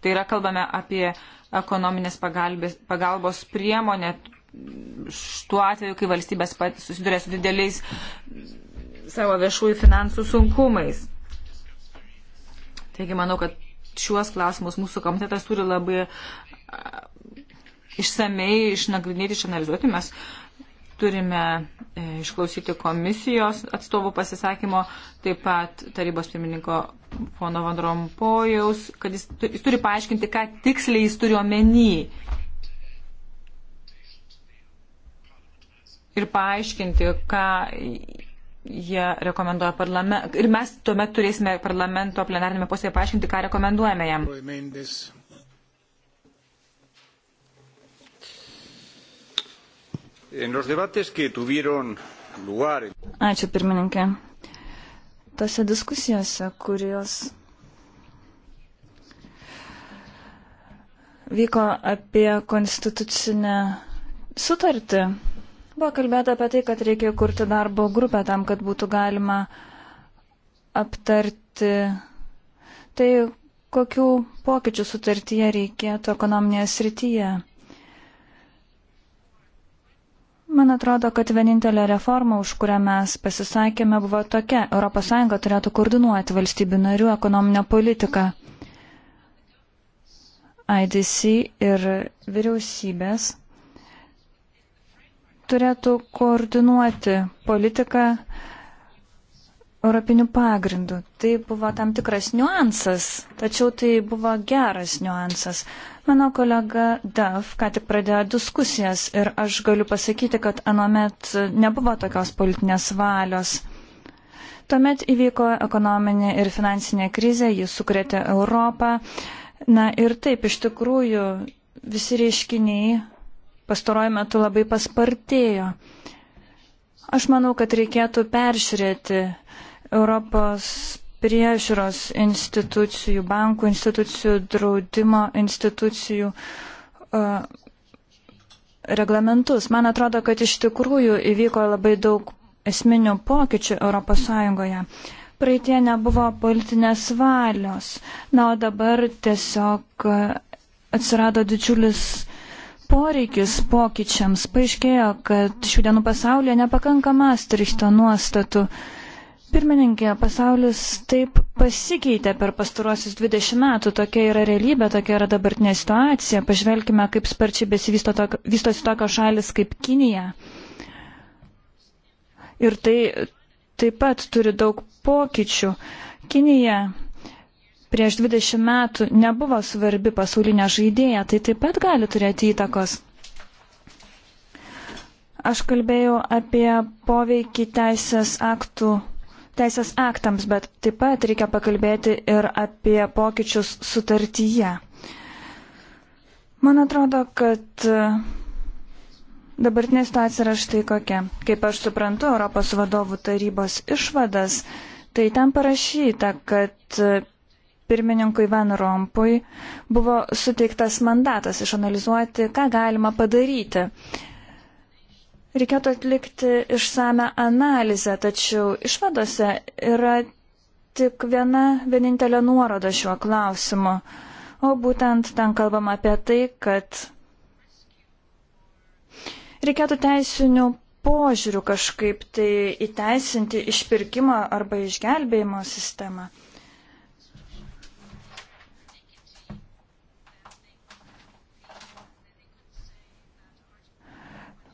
Tai yra kalbame apie ekonominės pagalbės, pagalbos priemonę tuo atveju, kai valstybės susiduria su dideliais savo viešųjų finansų sunkumais. Taigi manau, kad šiuos klausimus mūsų komitetas turi labai išsamei išnagrinėti, išanalizuoti. Mes uh, turime e, išklausyti komisijos atstovų pasisakymo, taip pat tarybos pirmininko pono Van Rompojaus, kad jis, jis turi paaiškinti, ką tiksliai jis turi omeny. Ir paaiškinti, ką jie rekomenduoja parlamentą. Ir mes tuomet turėsime parlamento plenarinėme posėdėje paaiškinti, ką rekomenduojame jam. Roy Mendes. Ačiū pirmininkė. Tose diskusijose, kurios vyko apie konstitucinę sutartį, buvo kalbėta apie tai, kad reikia kurti darbo grupę tam, kad būtų galima aptarti tai, kokių pokyčių sutartyje reikėtų ekonominėje srityje. Man atrodo, kad vienintelė reforma, už kurią mes pasisakėme, buvo tokia. ES turėtų koordinuoti valstybių narių ekonominę politiką. IDC ir vyriausybės turėtų koordinuoti politiką, europiniu pagrindu. Tai buvo tam tikras niuansas, tačiau tai buvo geras niuansas. Mano kolega Daf ką tik pradėjo diskusijas ir aš galiu pasakyti, kad anomet nebuvo tokios politinės valios. Tuomet įvyko ekonominė ir finansinė krizė, jis sukrėtė Europą. Na ir taip, iš tikrųjų, visi reiškiniai pastarojame metu labai paspartėjo. Aš manau, kad reikėtų peržiūrėti Europos priežiūros institucijų, bankų institucijų, draudimo institucijų uh, reglamentus. Man atrodo, kad iš tikrųjų įvyko labai daug esminių pokyčių ES. Praeitie nebuvo politinės valios. Na, o dabar tiesiog e, atsirado didžiulis poreikis pokyčiams. Paaiškėjo, kad šių dienų pasaulyje nepakanka mastrišto nuostatų. Uh, Pirmininkė, pasaulis taip pasikeitė per pastaruosius 20 metų, tokia yra realybė, tokia yra dabartinė situacija. Pažvelkime, kaip sparčiai besivystosi tokio, tokios šalis kaip Kinija. Ir tai taip pat turi daug pokyčių. Kinija prieš 20 metų nebuvo svarbi pasaulinė žaidėja, tai taip pat gali turėti įtakos. Aš kalbėjau apie poveikį teisės aktų teisės aktams, bet taip pat reikia pakalbėti ir apie pokyčius sutartyje. Man atrodo, kad dabartinė situacija yra štai kokia. Kaip aš suprantu Europos vadovų tarybos išvadas, tai ten parašyta, kad pirmininkui Van Rompui buvo suteiktas mandatas išanalizuoti, ką galima padaryti. Reikėtų atlikti išsame analizę, tačiau išvadose yra tik viena vienintelė nuoroda šiuo klausimu. O būtent ten kalbam apie tai, kad reikėtų teisinių požiūrių kažkaip tai įteisinti išpirkimo arba išgelbėjimo sistemą.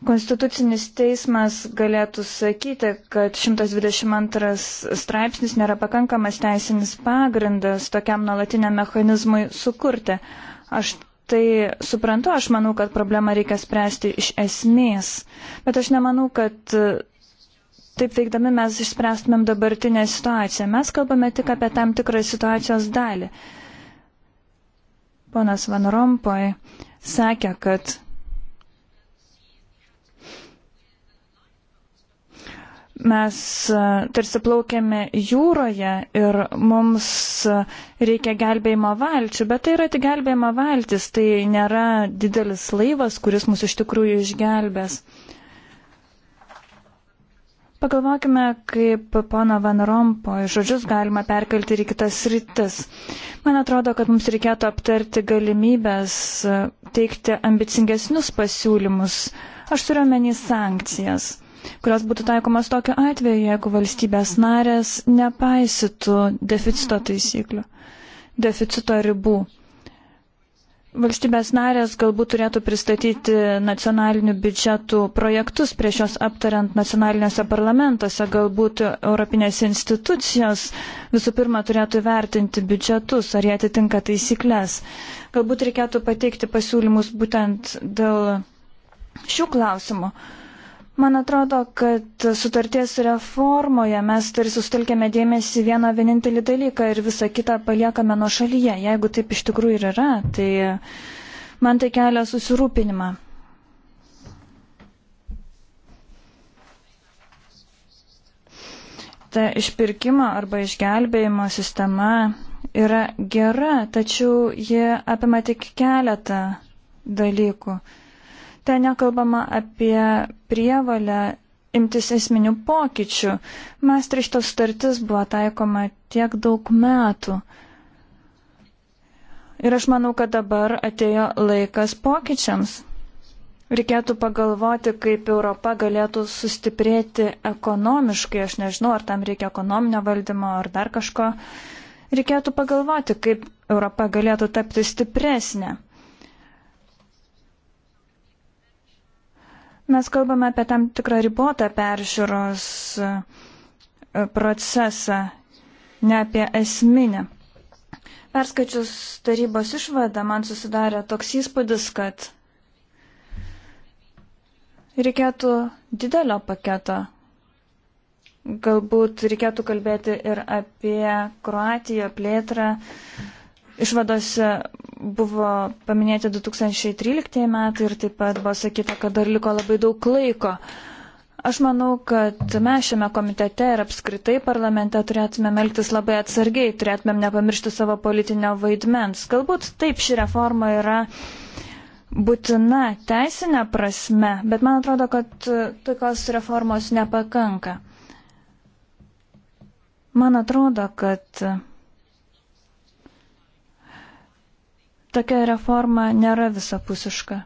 Konstitucinis teismas galėtų sakyti, kad 122 straipsnis nėra pakankamas teisinis pagrindas tokiam nuolatiniam mechanizmui sukurti. Aš tai suprantu, aš manau, kad problemą reikia spręsti iš esmės, bet aš nemanau, kad e, taip veikdami mes išspręstumėm dabartinę situaciją. Mes kalbame tik apie tam tikrą situacijos dalį. Ponas Van Rompoj sakė, kad mes e, tarsi plaukiame jūroje ir mums e, reikia gelbėjimo valčių, bet tai yra tik gelbėjimo valtis, tai nėra didelis laivas, kuris mus iš tikrųjų išgelbės. Pagalvokime, kaip pono Van Rompo žodžius galima perkelti ir į kitas rytis. Man atrodo, kad mums reikėtų aptarti galimybės e, teikti ambicingesnius pasiūlymus. Aš turiu menį sankcijas kurios būtų taikomas tokiu atveju, jeigu valstybės narės nepaisytų deficito taisyklių, deficito ribų. Valstybės narės galbūt turėtų pristatyti nacionalinių biudžetų projektus prieš jos aptariant nacionaliniuose parlamentuose, galbūt Europinės institucijos visų pirma turėtų vertinti biudžetus, ar jie atitinka taisyklės. Galbūt reikėtų pateikti pasiūlymus būtent dėl šių klausimų. Uh, Man atrodo, kad sutarties reformoje mes tarsi sustelkėme dėmesį vieną vienintelį dalyką ir visą kitą paliekame nuo šalyje. Jeigu taip iš tikrųjų ir yra, tai man tai kelia susirūpinimą. Ta išpirkimo arba išgelbėjimo sistema yra gera, tačiau ji apima tik keletą dalykų. Ten nekalbama apie prievalę imtis esminių pokyčių. Mastrišto startis buvo taikoma tiek daug metų. Ir aš manau, kad dabar atėjo laikas pokyčiams. Reikėtų pagalvoti, kaip Europa galėtų sustiprėti ekonomiškai. Aš nežinau, ar tam reikia ekonominio valdymo ar dar kažko. Reikėtų pagalvoti, kaip Europa galėtų tapti stipresnė. Mes kalbame apie tam tikrą ribotą peržiūros e, procesą, ne apie esminę. Perskaičius tarybos išvadą, man susidarė toks įspūdis, kad reikėtų didelio paketo. Galbūt reikėtų kalbėti ir apie Kroatiją plėtrą. Išvadose buvo paminėti 2013 metai ir taip pat buvo sakyta, kad dar liko labai daug laiko. Aš manau, kad mes šiame komitete ir apskritai parlamente turėtumėm elgtis labai atsargiai, turėtumėm nepamiršti savo politinio vaidmens. Galbūt taip ši reforma yra būtina teisinė prasme, bet man atrodo, kad tokios reformos nepakanka. Man atrodo, kad tokia reforma nėra visapusiška.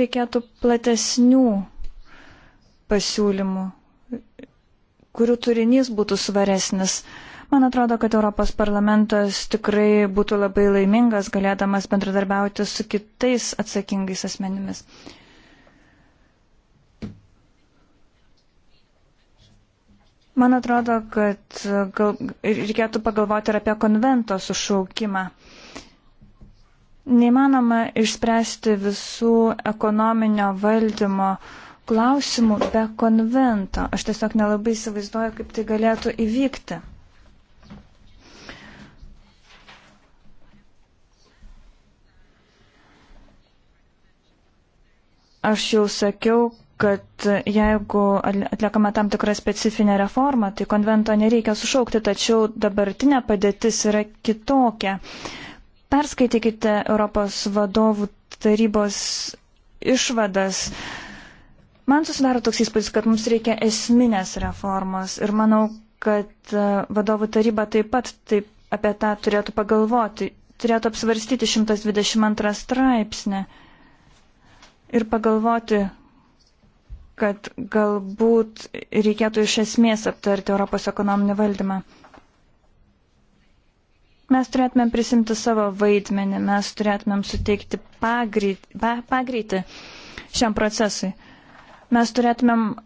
Reikėtų platesnių pasiūlymų, kurių turinys būtų svaresnis. Man atrodo, kad Europos parlamentas tikrai būtų labai laimingas, galėdamas bendradarbiauti su kitais atsakingais asmenimis. Man atrodo, kad gal, reikėtų pagalvoti ir apie konvento sušaukimą. Neįmanoma išspręsti visų ekonominio valdymo klausimų be konvento. Aš tiesiog nelabai įsivaizduoju, kaip tai galėtų įvykti. Aš jau sakiau, kad jeigu atliekama tam tikra specifinė reforma, tai konvento nereikia sušaukti, tačiau dabartinė padėtis yra kitokia. Perskaitykite Europos vadovų tarybos išvadas. Man susidaro toks įspūdis, kad mums reikia esminės reformos ir manau, kad e, vadovų taryba taip pat taip apie tą turėtų pagalvoti, turėtų apsvarstyti 122 straipsnį ir pagalvoti, kad galbūt reikėtų iš esmės aptarti Europos ekonominį valdymą. Mes turėtume prisimti savo vaidmenį, mes turėtumėm suteikti pagreitį, pagreitį šiam procesui. Mes turėtumėm e,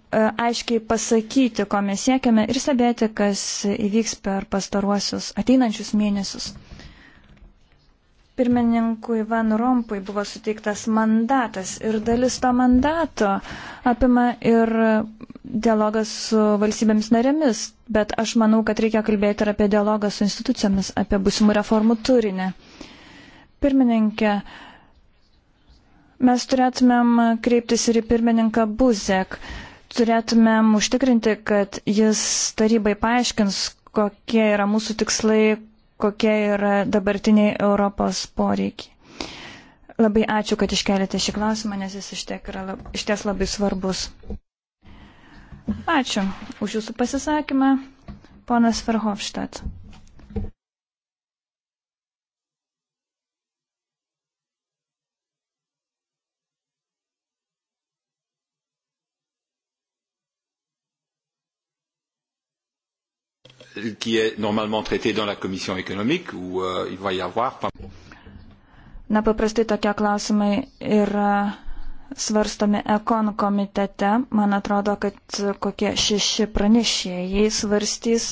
aiškiai pasakyti, ko mes siekiame ir stebėti, kas įvyks per pastaruosius ateinančius mėnesius pirmininkui Van Rompui buvo suteiktas mandatas ir dalis to mandato apima ir dialogas su valstybėmis narėmis, bet aš manau, kad reikia kalbėti ir apie dialogą su institucijomis, apie būsimų reformų turinį. Pirmininkė, mes turėtumėm kreiptis ir į pirmininką Buzek. Turėtumėm užtikrinti, kad jis tarybai paaiškins, kokie yra mūsų tikslai, kokie yra dabartiniai Europos poreikiai. Labai ačiū, kad iškelėte šį klausimą, nes jis iš, yra, iš ties labai svarbus. Ačiū už Jūsų pasisakymą, ponas Verhofstadt. qui est normalement traité dans la commission économique où euh, il va y avoir pas Na, paprastai tokie klausimai yra svarstomi ekon komitete. Man atrodo, kad kokie šeši pranešėjai svarstys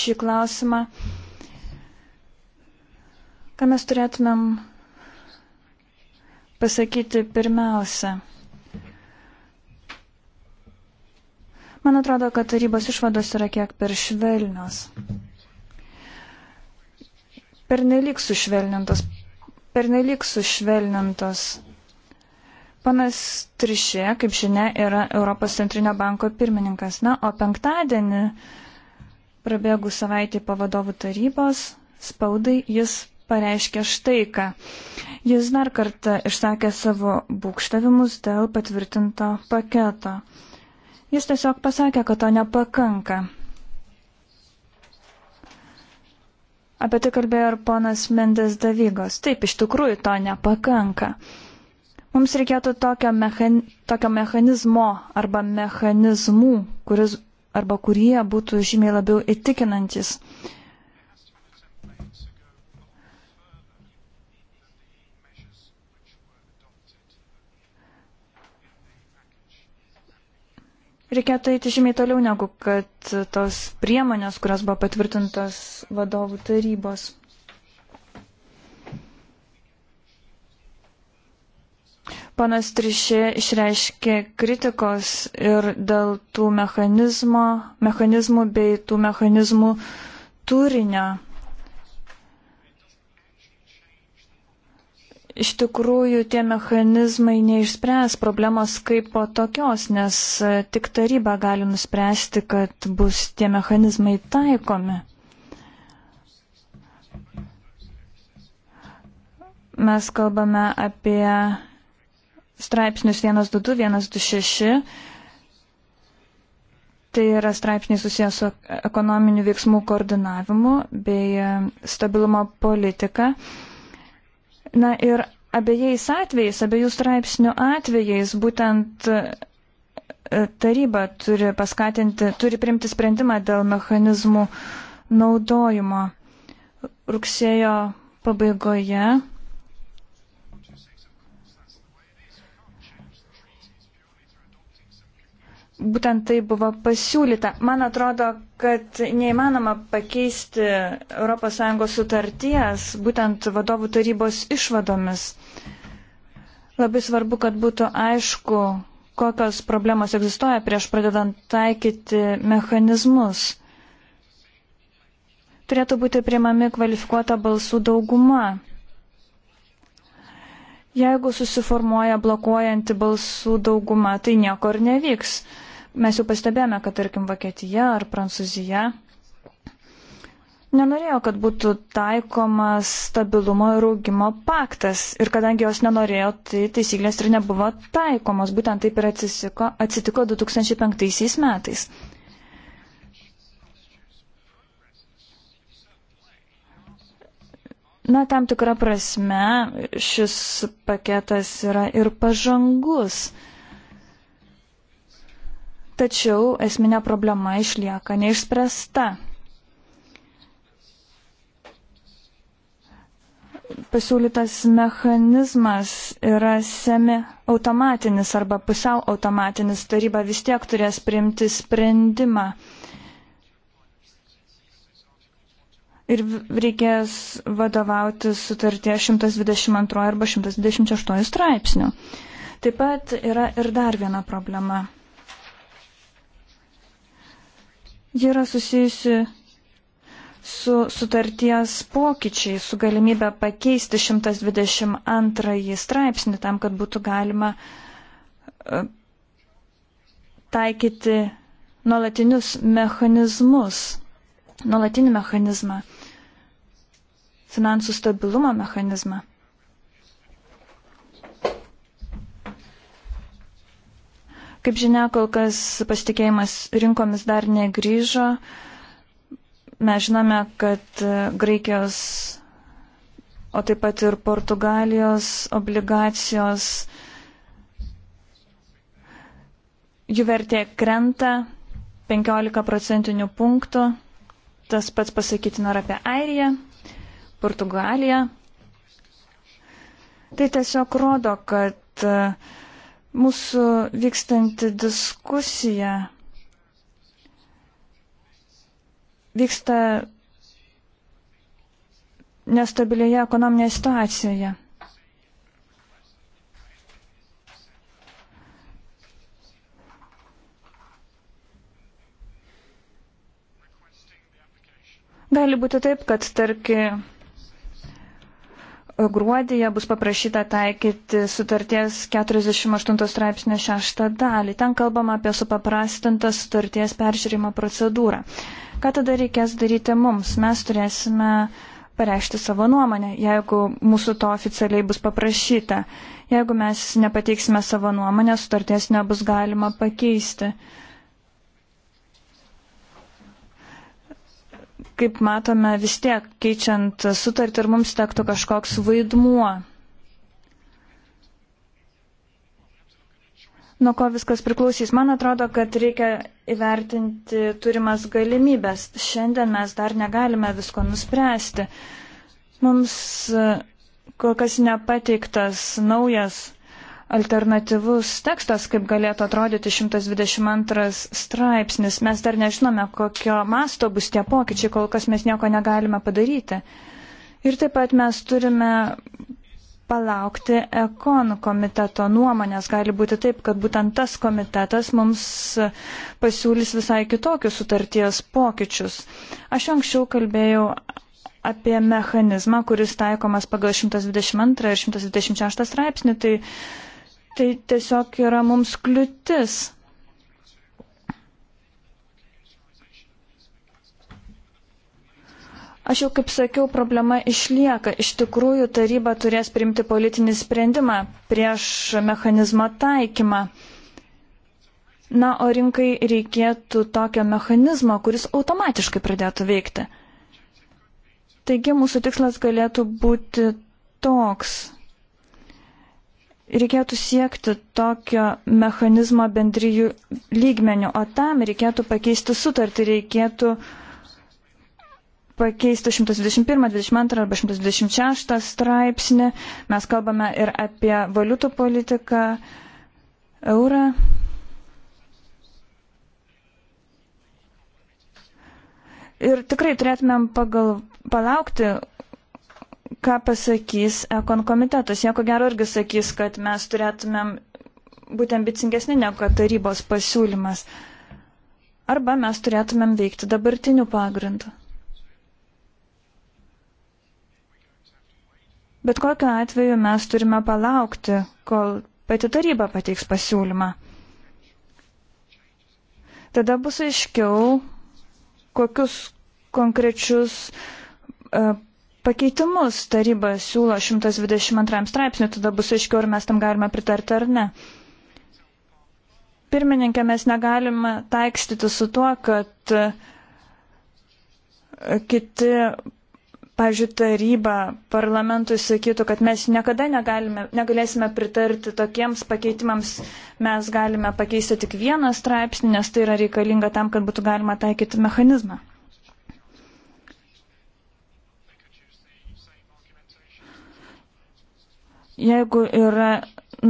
šį klausimą. Ką mes turėtumėm pasakyti pirmiausia? Man atrodo, kad tarybos išvados yra kiek per švelnios. Pernelik sušvelnintos. Pernelik sušvelnintos. Panas Trišė, kaip žinia, yra Europos centrinio banko pirmininkas. Na, o penktadienį, prabėgų savaitį po vadovų tarybos, spaudai jis pareiškė štai ką. Jis dar kartą išsakė savo būkštavimus dėl patvirtinto paketo. Jis tiesiog pasakė, kad to nepakanka. Apie tai kalbėjo ir ponas Mendes Davygos. Taip, iš tikrųjų to nepakanka. Mums reikėtų tokio, mechan... tokio mechanizmo arba mechanizmų, kuris arba kurie būtų žymiai labiau įtikinantis. reikėtų eiti žymiai toliau negu kad tos priemonės, kurios buvo patvirtintos vadovų tarybos. Panas Trišė išreiškė kritikos ir dėl tų mechanizmų bei tų mechanizmų turinio. Iš tikrųjų, tie mechanizmai neišspręs problemos kaip po tokios, nes e, tik taryba gali nuspręsti, kad bus tie mechanizmai taikomi. Mes kalbame apie straipsnius 122, 126. Tai yra straipsniai susijęs su e-, ekonominių veiksmų koordinavimu bei e, stabilumo politika. Na ir abiejais atvejais, abiejų straipsnių atvejais būtent e, taryba turi paskatinti, turi primti sprendimą dėl mechanizmų naudojimo. Rugsėjo pabaigoje būtent tai buvo pasiūlyta. Man atrodo, kad neįmanoma pakeisti ES sutarties būtent vadovų tarybos išvadomis. Labai svarbu, kad būtų aišku, kokios problemos egzistuoja prieš pradedant taikyti mechanizmus. Turėtų būti priimami kvalifikuota balsų dauguma. Jeigu susiformuoja blokuojanti balsų dauguma, tai nieko ir nevyks. Mes jau pastebėjome, kad tarkim Vokietija ar Prancūzija nenorėjo, kad būtų taikomas stabilumo ir augimo paktas. Ir kadangi jos nenorėjo, tai taisyklės ir nebuvo taikomos. Būtent taip ir atsisiko, atsitiko 2005 metais. Na, tam tikrą prasme šis paketas yra ir pažangus tačiau esminė problema išlieka neišspręsta. pasiūlytas mechanizmas yra semi automatinis arba pusiau automatinis, taryba vis tiek turės priimti sprendimą. Ir reikės vadovauti sutartie 122 arba 128 straipsnių. Taip pat yra ir dar viena problema. Ji yra susijusi su sutarties pokyčiai, su galimybė pakeisti 122 straipsnį tam, kad būtų galima e, taikyti nuolatinius mechanizmus, nuolatinį mechanizmą, finansų stabilumo mechanizmą. Kaip žinia, kol kas pasitikėjimas rinkomis dar negryžo. Mes žinome, kad e, Graikijos, o taip pat ir Portugalijos obligacijos, jų vertė krenta 15 procentinių punktų. Tas pats pasakytina ir apie Airiją, Portugaliją. Tai tiesiog rodo, kad uh, Mūsų vykstanti diskusija vyksta nestabilioje ekonominėje situacijoje. Gali būti taip, kad tarkim gruodėje bus paprašyta taikyti sutarties 48 straipsnio 6 dalį. Ten kalbama apie supaprastintą sutarties peržiūrimo procedūrą. Ką tada reikės daryti mums? Mes turėsime pareikšti savo nuomonę, jeigu mūsų to oficialiai bus paprašyta. Jeigu mes nepateiksime savo nuomonę, sutarties nebus galima pakeisti. Uh, kaip matome, vis tiek keičiant sutartį ir mums tektų kažkoks vaidmuo. Nuo ko viskas priklausys? Man atrodo, kad reikia įvertinti turimas galimybės. Šiandien mes dar negalime visko nuspręsti. Mums kol kas nepateiktas naujas alternatyvus tekstas, kaip galėtų atrodyti 122 straipsnis. Mes dar nežinome, kokio masto bus tie pokyčiai, kol kas mes nieko negalime padaryti. Ir taip pat mes turime palaukti ekon komiteto nuomonės. Gali būti taip, kad būtent tas komitetas mums pasiūlys visai kitokius sutarties pokyčius. Aš anksčiau kalbėjau apie mechanizmą, kuris taikomas pagal 122 ir 126 straipsnį, tai tai tiesiog yra mums kliūtis. Aš jau kaip sakiau, problema išlieka. Iš tikrųjų, taryba turės priimti politinį sprendimą prieš mechanizmo taikymą. Na, o rinkai reikėtų tokio mechanizmo, kuris automatiškai pradėtų veikti. Taigi mūsų tikslas galėtų būti toks reikėtų siekti tokio mechanizmo bendryjų lygmenių, o tam reikėtų pakeisti sutartį, reikėtų pakeisti 121, 22 arba 126 straipsnį. Mes kalbame ir apie valiutų politiką, eurą. Ir tikrai turėtumėm pagal, palaukti, ką pasakys ekon komitetas. Jie ko gero irgi sakys, kad mes turėtumėm būti ambicingesni negu tarybos pasiūlymas. Arba mes turėtumėm veikti dabartiniu pagrindu. Bet kokiu atveju mes turime palaukti, kol pati taryba pateiks pasiūlymą. Tada bus aiškiau, kokius konkrečius uh, pakeitimus taryba siūlo 122 straipsnių, tada bus aiškiau, ar mes tam galime pritarti ar ne. Pirmininkė, mes negalime taikstyti su tuo, kad e, kiti, pažiūrėjau, taryba parlamentui sakytų, kad mes niekada negalime, negalėsime pritarti tokiems pakeitimams, mes galime pakeisti tik vieną straipsnį, nes tai yra reikalinga tam, kad būtų galima taikyti mechanizmą. Jeigu yra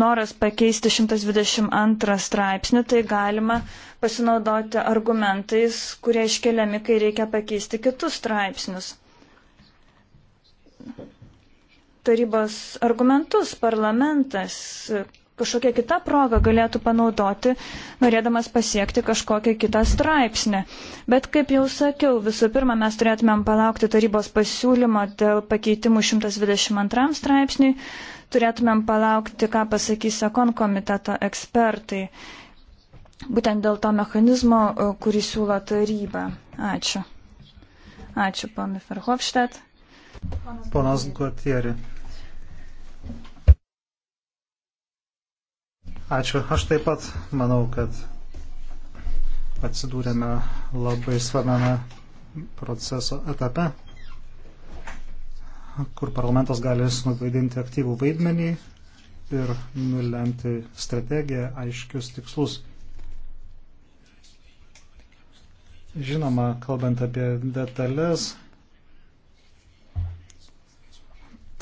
noras pakeisti 122 straipsnį, tai galima pasinaudoti argumentais, kurie iškeliami, kai reikia pakeisti kitus straipsnius. Tarybos argumentus parlamentas kažkokia kita proga galėtų panaudoti, norėdamas pasiekti kažkokią kitą straipsnį. Bet kaip jau sakiau, visų pirma, mes turėtumėm palaukti tarybos pasiūlymo dėl pakeitimų 122 straipsniui, turėtumėm palaukti, ką pasakys Ekon komiteto ekspertai. Būtent dėl to mechanizmo, kurį siūlo taryba. Ačiū. Ačiū, ponai Ferhofštet. Ponas Guatieri. Ačiū. Aš taip pat manau, kad atsidūrėme labai svarbiame proceso etape, kur parlamentas gali nuvaidinti aktyvų vaidmenį ir nulemti strategiją, aiškius tikslus. Žinoma, kalbant apie detalės,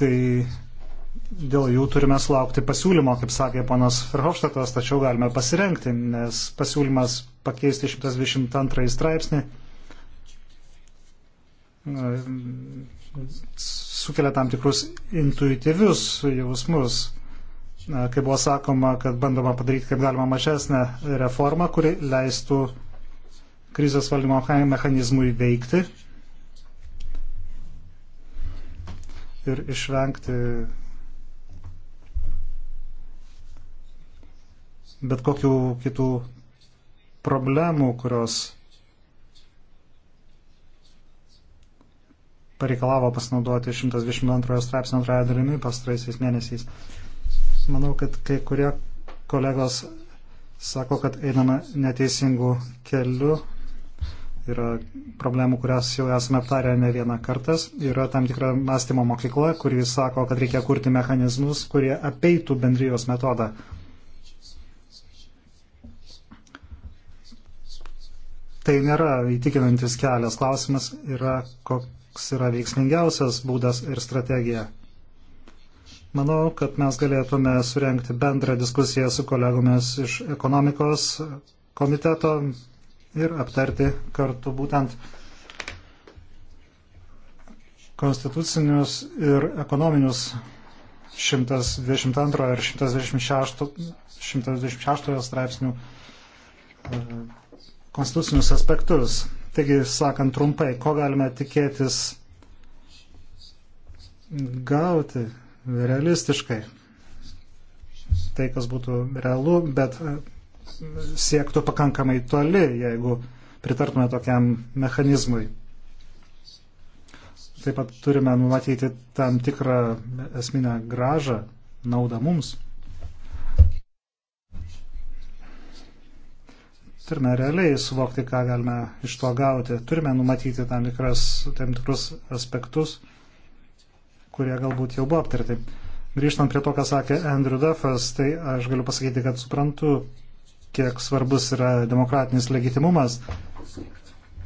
tai dėl jų turime sulaukti pasiūlymo, kaip sakė ponas Ferhofštatas, tačiau galime pasirenkti, nes pasiūlymas pakeisti 122 straipsnį e, sukelia tam tikrus intuityvius jausmus, e, kai buvo sakoma, kad bandoma padaryti kaip galima mažesnę reformą, kuri leistų krizės valdymo mechanizmui veikti ir išvengti bet kokių kitų problemų, kurios pareikalavo pasinaudoti 122 straipsnio antrąją dalimi pastaraisiais mėnesiais. Manau, kad kai kurie kolegos sako, kad einame neteisingų kelių. Yra problemų, kurias jau esame aptarę ne vieną kartą. Yra tam tikra mąstymo mokykla, kuri sako, kad reikia kurti mechanizmus, kurie apeitų bendrijos metodą. tai nėra įtikinantis kelias. Klausimas yra, koks yra veiksmingiausias būdas ir strategija. Manau, kad mes galėtume surenkti bendrą diskusiją su kolegomis iš ekonomikos komiteto ir aptarti kartu būtent konstitucinius ir ekonominius 122 ir 126, 126 straipsnių konstitucinius aspektus. Taigi, sakant trumpai, ko galime tikėtis gauti realistiškai. Tai, kas būtų realu, bet e, siektų pakankamai toli, jeigu pritartume tokiam mechanizmui. Taip pat turime numatyti tam tikrą esminę gražą, naudą mums. Turime realiai suvokti, ką galime iš to gauti. Turime numatyti tam, tikras, tam tikrus aspektus, kurie galbūt jau buvo aptarti. Grįžtant prie to, ką sakė Andrew Duffas, tai aš galiu pasakyti, kad suprantu, kiek svarbus yra demokratinis legitimumas,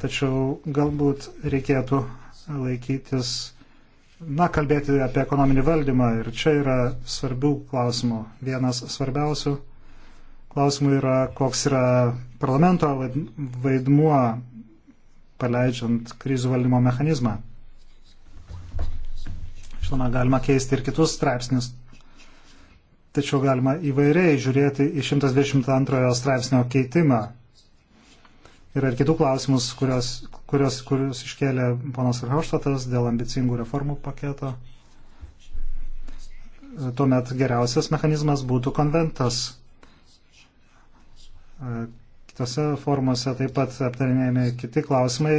tačiau galbūt reikėtų laikytis, na, kalbėti apie ekonominį valdymą ir čia yra svarbių klausimų. Vienas svarbiausių klausimų yra, koks yra parlamento vaidmuo paleidžiant krizių valdymo mechanizmą. Žinoma, galima keisti ir kitus straipsnius, tačiau galima įvairiai žiūrėti į 122 straipsnio keitimą. Yra ir kitų klausimus, kurios, kurios, kurios iškėlė ponas Rauštatas dėl ambicingų reformų paketo. Tuomet geriausias mechanizmas būtų konventas E, kitose formuose taip pat aptarinėjami kiti klausimai.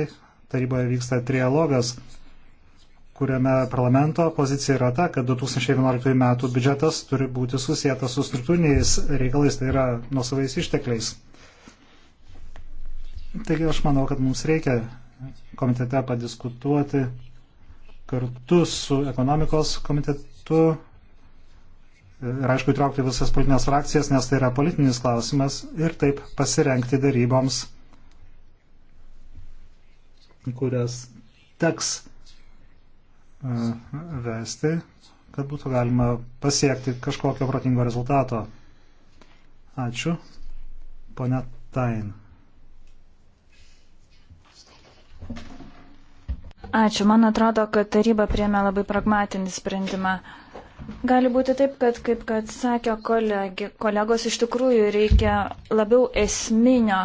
Taryboje vyksta trialogas, kuriame parlamento pozicija yra ta, kad 2011 metų biudžetas turi būti susijęs su struktūriniais reikalais, tai yra nuosavais ištekliais. Taigi aš manau, kad mums reikia komitete padiskutuoti kartu su ekonomikos komitetu ir aišku įtraukti visas politinės frakcijas, nes tai yra politinis klausimas ir taip pasirenkti daryboms, kurias teks e, vesti, kad būtų galima pasiekti kažkokio protingo rezultato. Ačiū. Pone Tain. Ačiū. Man atrodo, kad taryba priemė labai pragmatinį sprendimą. Uh, Gali būti taip, kad, kaip kad sakė kolegi, kolegos, iš tikrųjų reikia labiau esminio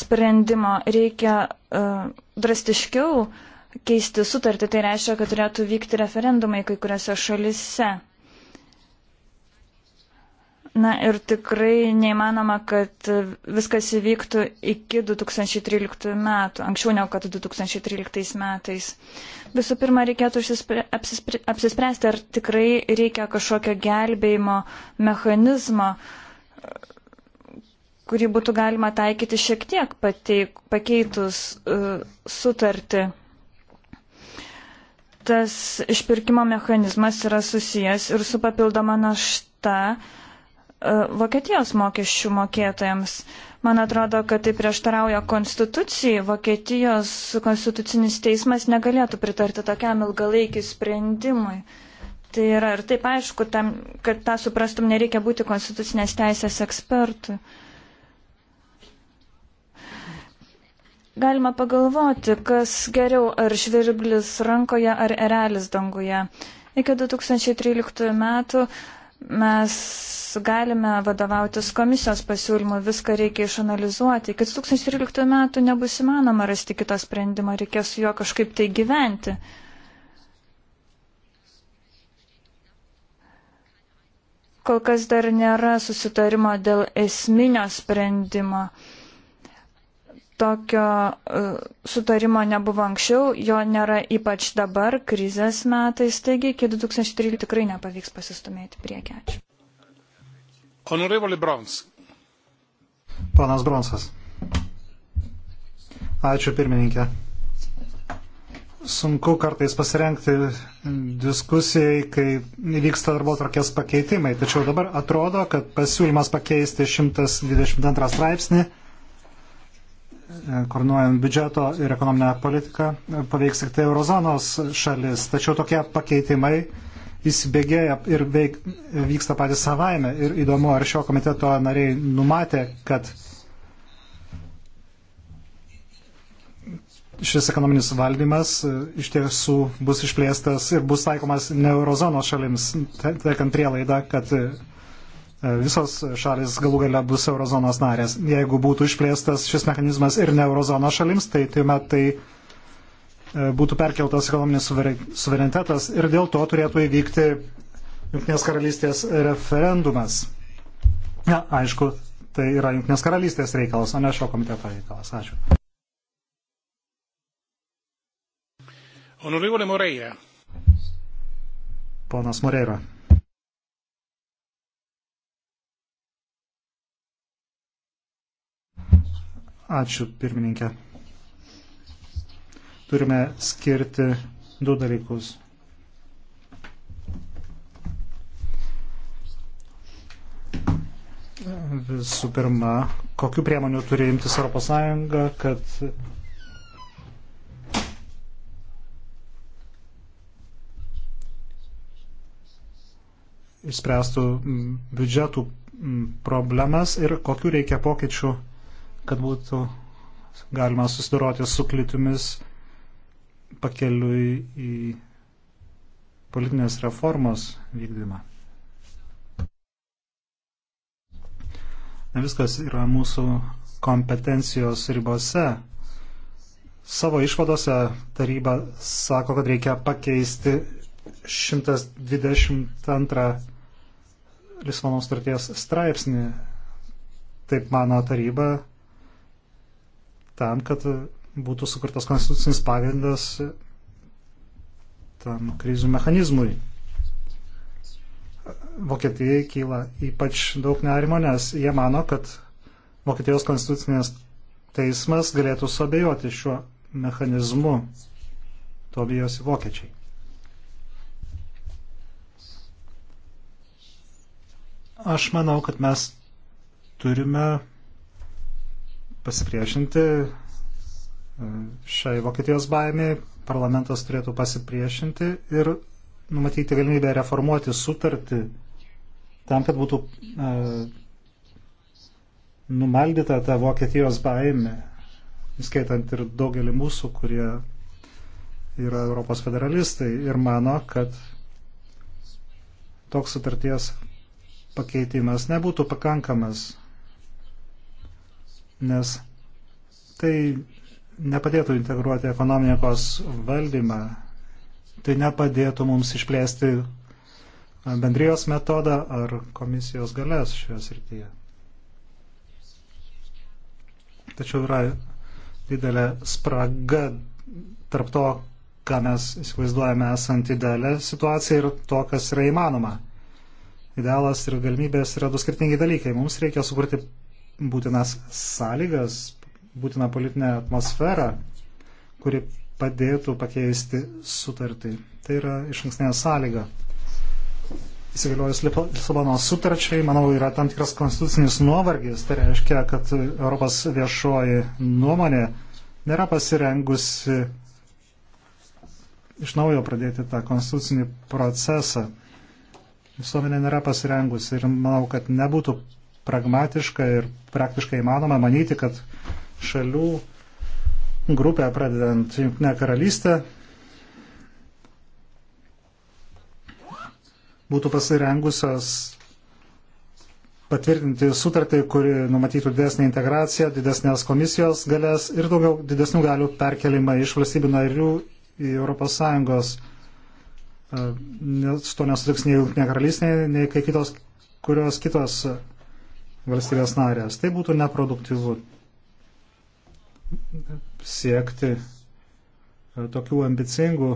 sprendimo, reikia uh, drastiškiau keisti sutartį. Tai reiškia, kad turėtų vykti referendumai kai kuriuose šalise. Na ir tikrai neįmanoma, kad viskas įvyktų iki 2013 metų, anksčiau negu kad 2013 metais. Visų pirma, reikėtų apsispręsti, ar tikrai reikia kažkokio gelbėjimo mechanizmo, kurį būtų galima taikyti šiek tiek pateik, pakeitus uh, sutartį tas išpirkimo mechanizmas yra susijęs ir su papildoma našta E, Vokietijos mokesčių mokėtojams. Man atrodo, kad tai prieštarauja konstitucijai. Vokietijos konstitucinis teismas negalėtų pritarti tokiam ilgalaikį sprendimui. Tai yra ir taip aišku, tam, kad tą suprastum, nereikia būti konstitucinės teisės ekspertų. Galima pagalvoti, kas geriau, ar žvirblis rankoje, ar erelis danguje. Iki 2013 metų Mes galime vadovautis komisijos pasiūlymu, viską reikia išanalizuoti. Iki 2013 metų nebus įmanoma rasti kito sprendimo, reikės su juo kažkaip tai gyventi. Kol kas dar nėra susitarimo dėl esminio sprendimo. Uh, Tokio e, sutarimo nebuvo anksčiau, jo nėra ypač dabar, krizės metais, taigi iki 2013 tikrai nepavyks pasistumėti prieki. Ačiū. Honorevole Brons. Ponas Bronsas. Ačiū pirmininkė. Sunku kartais pasirenkti diskusijai, kai vyksta darbo trakės pakeitimai, tačiau dabar atrodo, kad pasiūlymas pakeisti 122 straipsnį E, koordinuojant biudžeto ir ekonominę politiką, e, paveiks tik tai eurozonos šalis. Tačiau tokie pakeitimai įsibėgėja ir veik, vyksta patys savaime. Ir įdomu, ar šio komiteto nariai numatė, kad šis ekonominis valdymas e, iš tiesų bus išplėstas ir bus taikomas ne eurozonos šalims, taikant prielaidą, kad visos šalis galų gale bus eurozonos narės. Jeigu būtų išplėstas šis mechanizmas ir ne eurozonos šalims, tai tuomet tai e, būtų perkeltas ekonominis suverenitetas ir dėl to turėtų įvykti Junktinės karalystės referendumas. Na, aišku, tai yra Junktinės karalystės reikalas, o ne šio komiteto reikalas. Ačiū. Honorevole Moreira. Ponas Moreira. Ačiū, pirmininkė. Turime skirti du dalykus. Visų pirma, kokiu priemoniu turi imtis ES, kad išspręstų biudžetų problemas ir kokiu reikia pokyčių kad būtų galima susidoroti su klitimis pakeliui į politinės reformos vykdymą. Ne viskas yra mūsų kompetencijos ribose. Savo išvadose taryba sako, kad reikia pakeisti 122 Lisbonos starties straipsnį. Taip mano taryba tam, kad būtų sukurtas konstitucinis pagrindas tam krizių mechanizmui. Vokietijai kyla ypač daug nerimo, nes jie mano, kad Vokietijos konstitucinės teismas galėtų suabejoti šiuo mechanizmu. To bijosi vokiečiai. Aš manau, kad mes turime pasipriešinti e, šiai Vokietijos baimiai, parlamentas turėtų pasipriešinti ir numatyti galimybę reformuoti sutartį tam, kad būtų e, numaldyta ta Vokietijos baimė, įskaitant ir daugelį mūsų, kurie yra Europos federalistai ir mano, kad toks sutarties pakeitimas nebūtų pakankamas nes tai nepadėtų integruoti ekonomikos valdymą, tai nepadėtų mums išplėsti bendrijos metodą ar komisijos galės šioje srityje. Tačiau yra didelė spraga tarp to, ką mes įsivaizduojame esant idealią situaciją ir to, kas yra įmanoma. Idealas ir galimybės yra du skirtingi dalykai. Mums reikia sukurti būtinas sąlygas, būtiną politinę atmosferą, kuri padėtų pakeisti sutartį. Tai yra iš ankstinė sąlyga. Įsigaliojus Lisabono sutarčiai, manau, yra tam tikras konstitucinis nuovargis. Tai reiškia, kad Europos viešoji nuomonė nėra pasirengusi iš naujo pradėti tą konstitucinį procesą. Visuomenė nėra pasirengusi ir manau, kad nebūtų pragmatiška ir praktiškai įmanoma manyti, kad šalių grupė, pradedant Junktinę karalystę, būtų pasirengusios patvirtinti sutartį, kuri numatytų didesnį integraciją, didesnės komisijos galės ir daugiau didesnių galių perkelimą iš valstybių narių į ES. Su to nesutiks nei Junktinė karalystė, nei kai kitos, kurios kitos valstybės narės. Tai būtų neproduktyvu siekti e, tokių ambicingų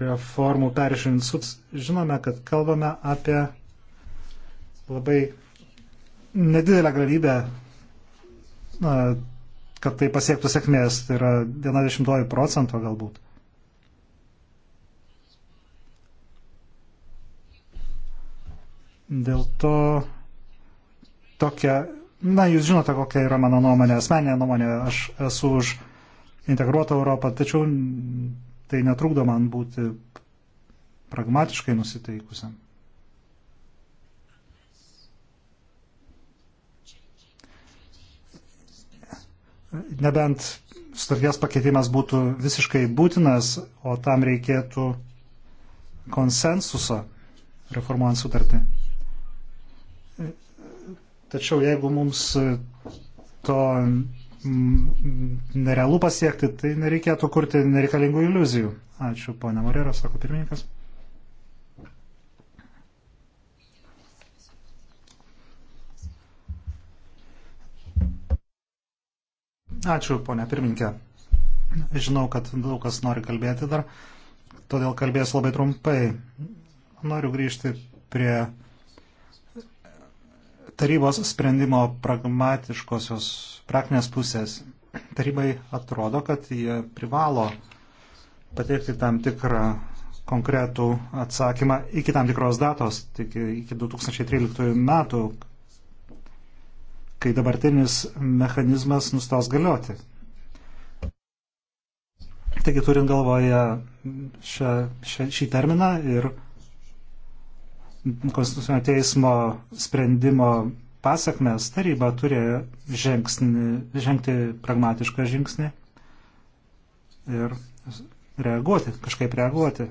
reformų peržiūrint suts. Žinome, kad kalbame apie labai nedidelę gravybę, kad tai pasiektų sėkmės. Tai yra 90 procento galbūt. Dėl to tokia, na, jūs žinote, kokia yra mano nuomonė, asmeninė nuomonė, aš esu už integruotą Europą, tačiau tai netrukdo man būti pragmatiškai nusiteikusiam. Nebent sutarties pakeitimas būtų visiškai būtinas, o tam reikėtų konsensuso reformuojant sutartį. Tačiau jeigu mums e, to mm, nerealu pasiekti, tai nereikėtų kurti nereikalingų iliuzijų. Ačiū, ponia Morera, sako pirmininkas. Ačiū, ponia pirmininkė. Žinau, kad daug kas nori kalbėti dar, todėl kalbės labai trumpai. Noriu grįžti prie tarybos sprendimo pragmatiškosios praktinės pusės. Tarybai atrodo, kad jie privalo pateikti tam tikrą konkretų atsakymą iki tam tikros datos, tik iki 2013 metų, kai dabartinis mechanizmas nustos galioti. Taigi turint galvoje šią, šią, šį terminą ir konstitucinio teismo sprendimo pasakmes taryba turėjo žengsni, žengti pragmatišką žingsnį ir reaguoti, kažkaip reaguoti.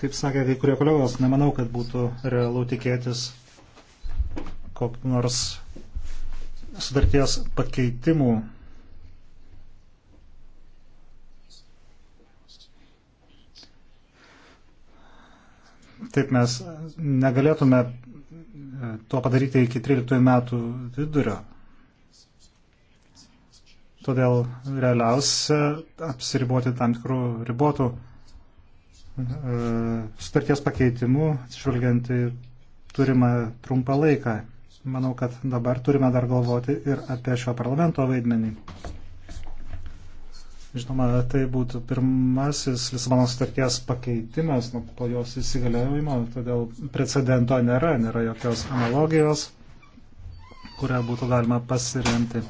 Kaip sakė kai kurie kolegos, nemanau, kad būtų realu tikėtis kokiu nors sudarties pakeitimų Taip mes negalėtume e, to padaryti iki 13 metų vidurio. Todėl realiausia apsiriboti tam tikrų ribotų e, sutarties pakeitimų, atsižvelgiant į turimą trumpą laiką. Manau, kad dabar turime dar galvoti ir apie šio parlamento vaidmenį. Žinoma, tai būtų pirmasis Lisabono sutarties pakeitimas nu, po jos įsigaliojimo, todėl precedento nėra, nėra jokios analogijos, kurią būtų galima pasiremti.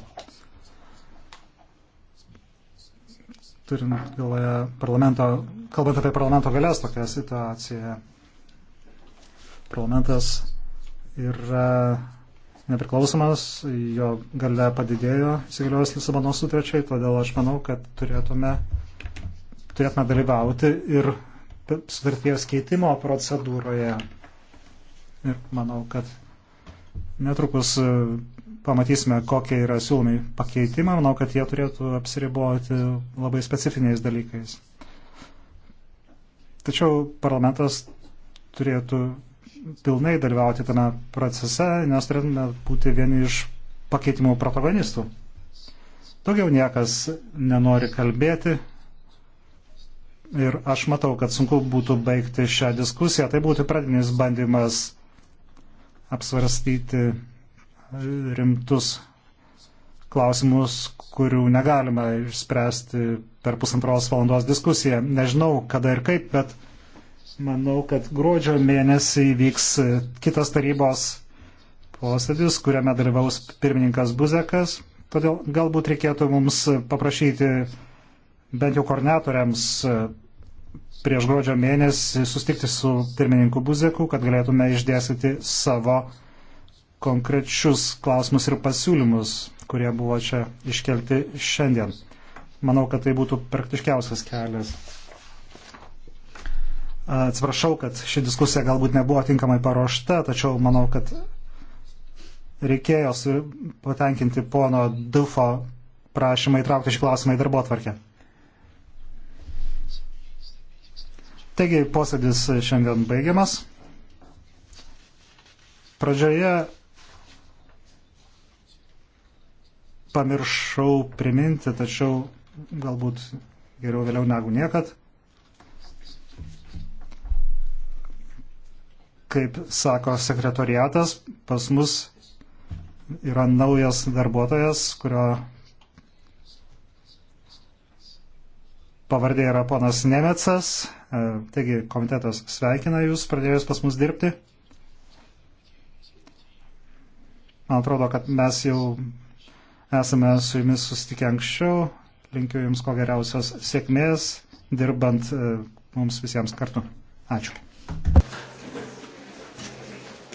Turint galvoje parlamento, kalbant apie parlamento galės tokią situaciją, parlamentas yra nepriklausomas, jo gale padidėjo įsigaliojus Lisabonos sutarčiai, todėl aš manau, kad turėtume, turėtume dalyvauti ir sutarties keitimo procedūroje. Ir manau, kad netrukus e, pamatysime, kokie yra siūlomi pakeitimai. Manau, kad jie turėtų apsiriboti labai specifiniais dalykais. Tačiau parlamentas turėtų pilnai dalyvauti tame procese, nes turėtume būti vieni iš pakeitimų protagonistų. Daugiau niekas nenori kalbėti ir aš matau, kad sunku būtų baigti šią diskusiją. Tai būtų pradinis bandymas apsvarstyti rimtus klausimus, kurių negalima išspręsti per pusantros valandos diskusiją. Nežinau, kada ir kaip, bet Manau, kad gruodžio mėnesį vyks e, kitas tarybos posėdis, kuriame dalyvaus pirmininkas Buzekas. Todėl galbūt reikėtų mums paprašyti bent jau koordinatoriams e, prieš gruodžio mėnesį sustikti su pirmininku Buzeku, kad galėtume išdėstyti savo konkrečius klausimus ir pasiūlymus, kurie buvo čia iškelti šiandien. Manau, kad tai būtų praktiškiausias kelias. Atsiprašau, kad ši diskusija galbūt nebuvo tinkamai paruošta, tačiau manau, kad reikėjo patenkinti pono Dufo prašymą įtraukti šį klausimą į darbo atvarkę. Taigi, posėdis šiandien baigiamas. Pradžioje pamiršau priminti, tačiau galbūt geriau vėliau negu niekad. kaip sako sekretoriatas, pas mus yra naujas darbuotojas, kurio pavardė yra ponas Nemecas. E, taigi komitetas sveikina jūs pradėjus pas mus dirbti. Man atrodo, kad mes jau esame su jumis susitikę anksčiau. Linkiu jums ko geriausios sėkmės dirbant e, mums visiems kartu. Ačiū.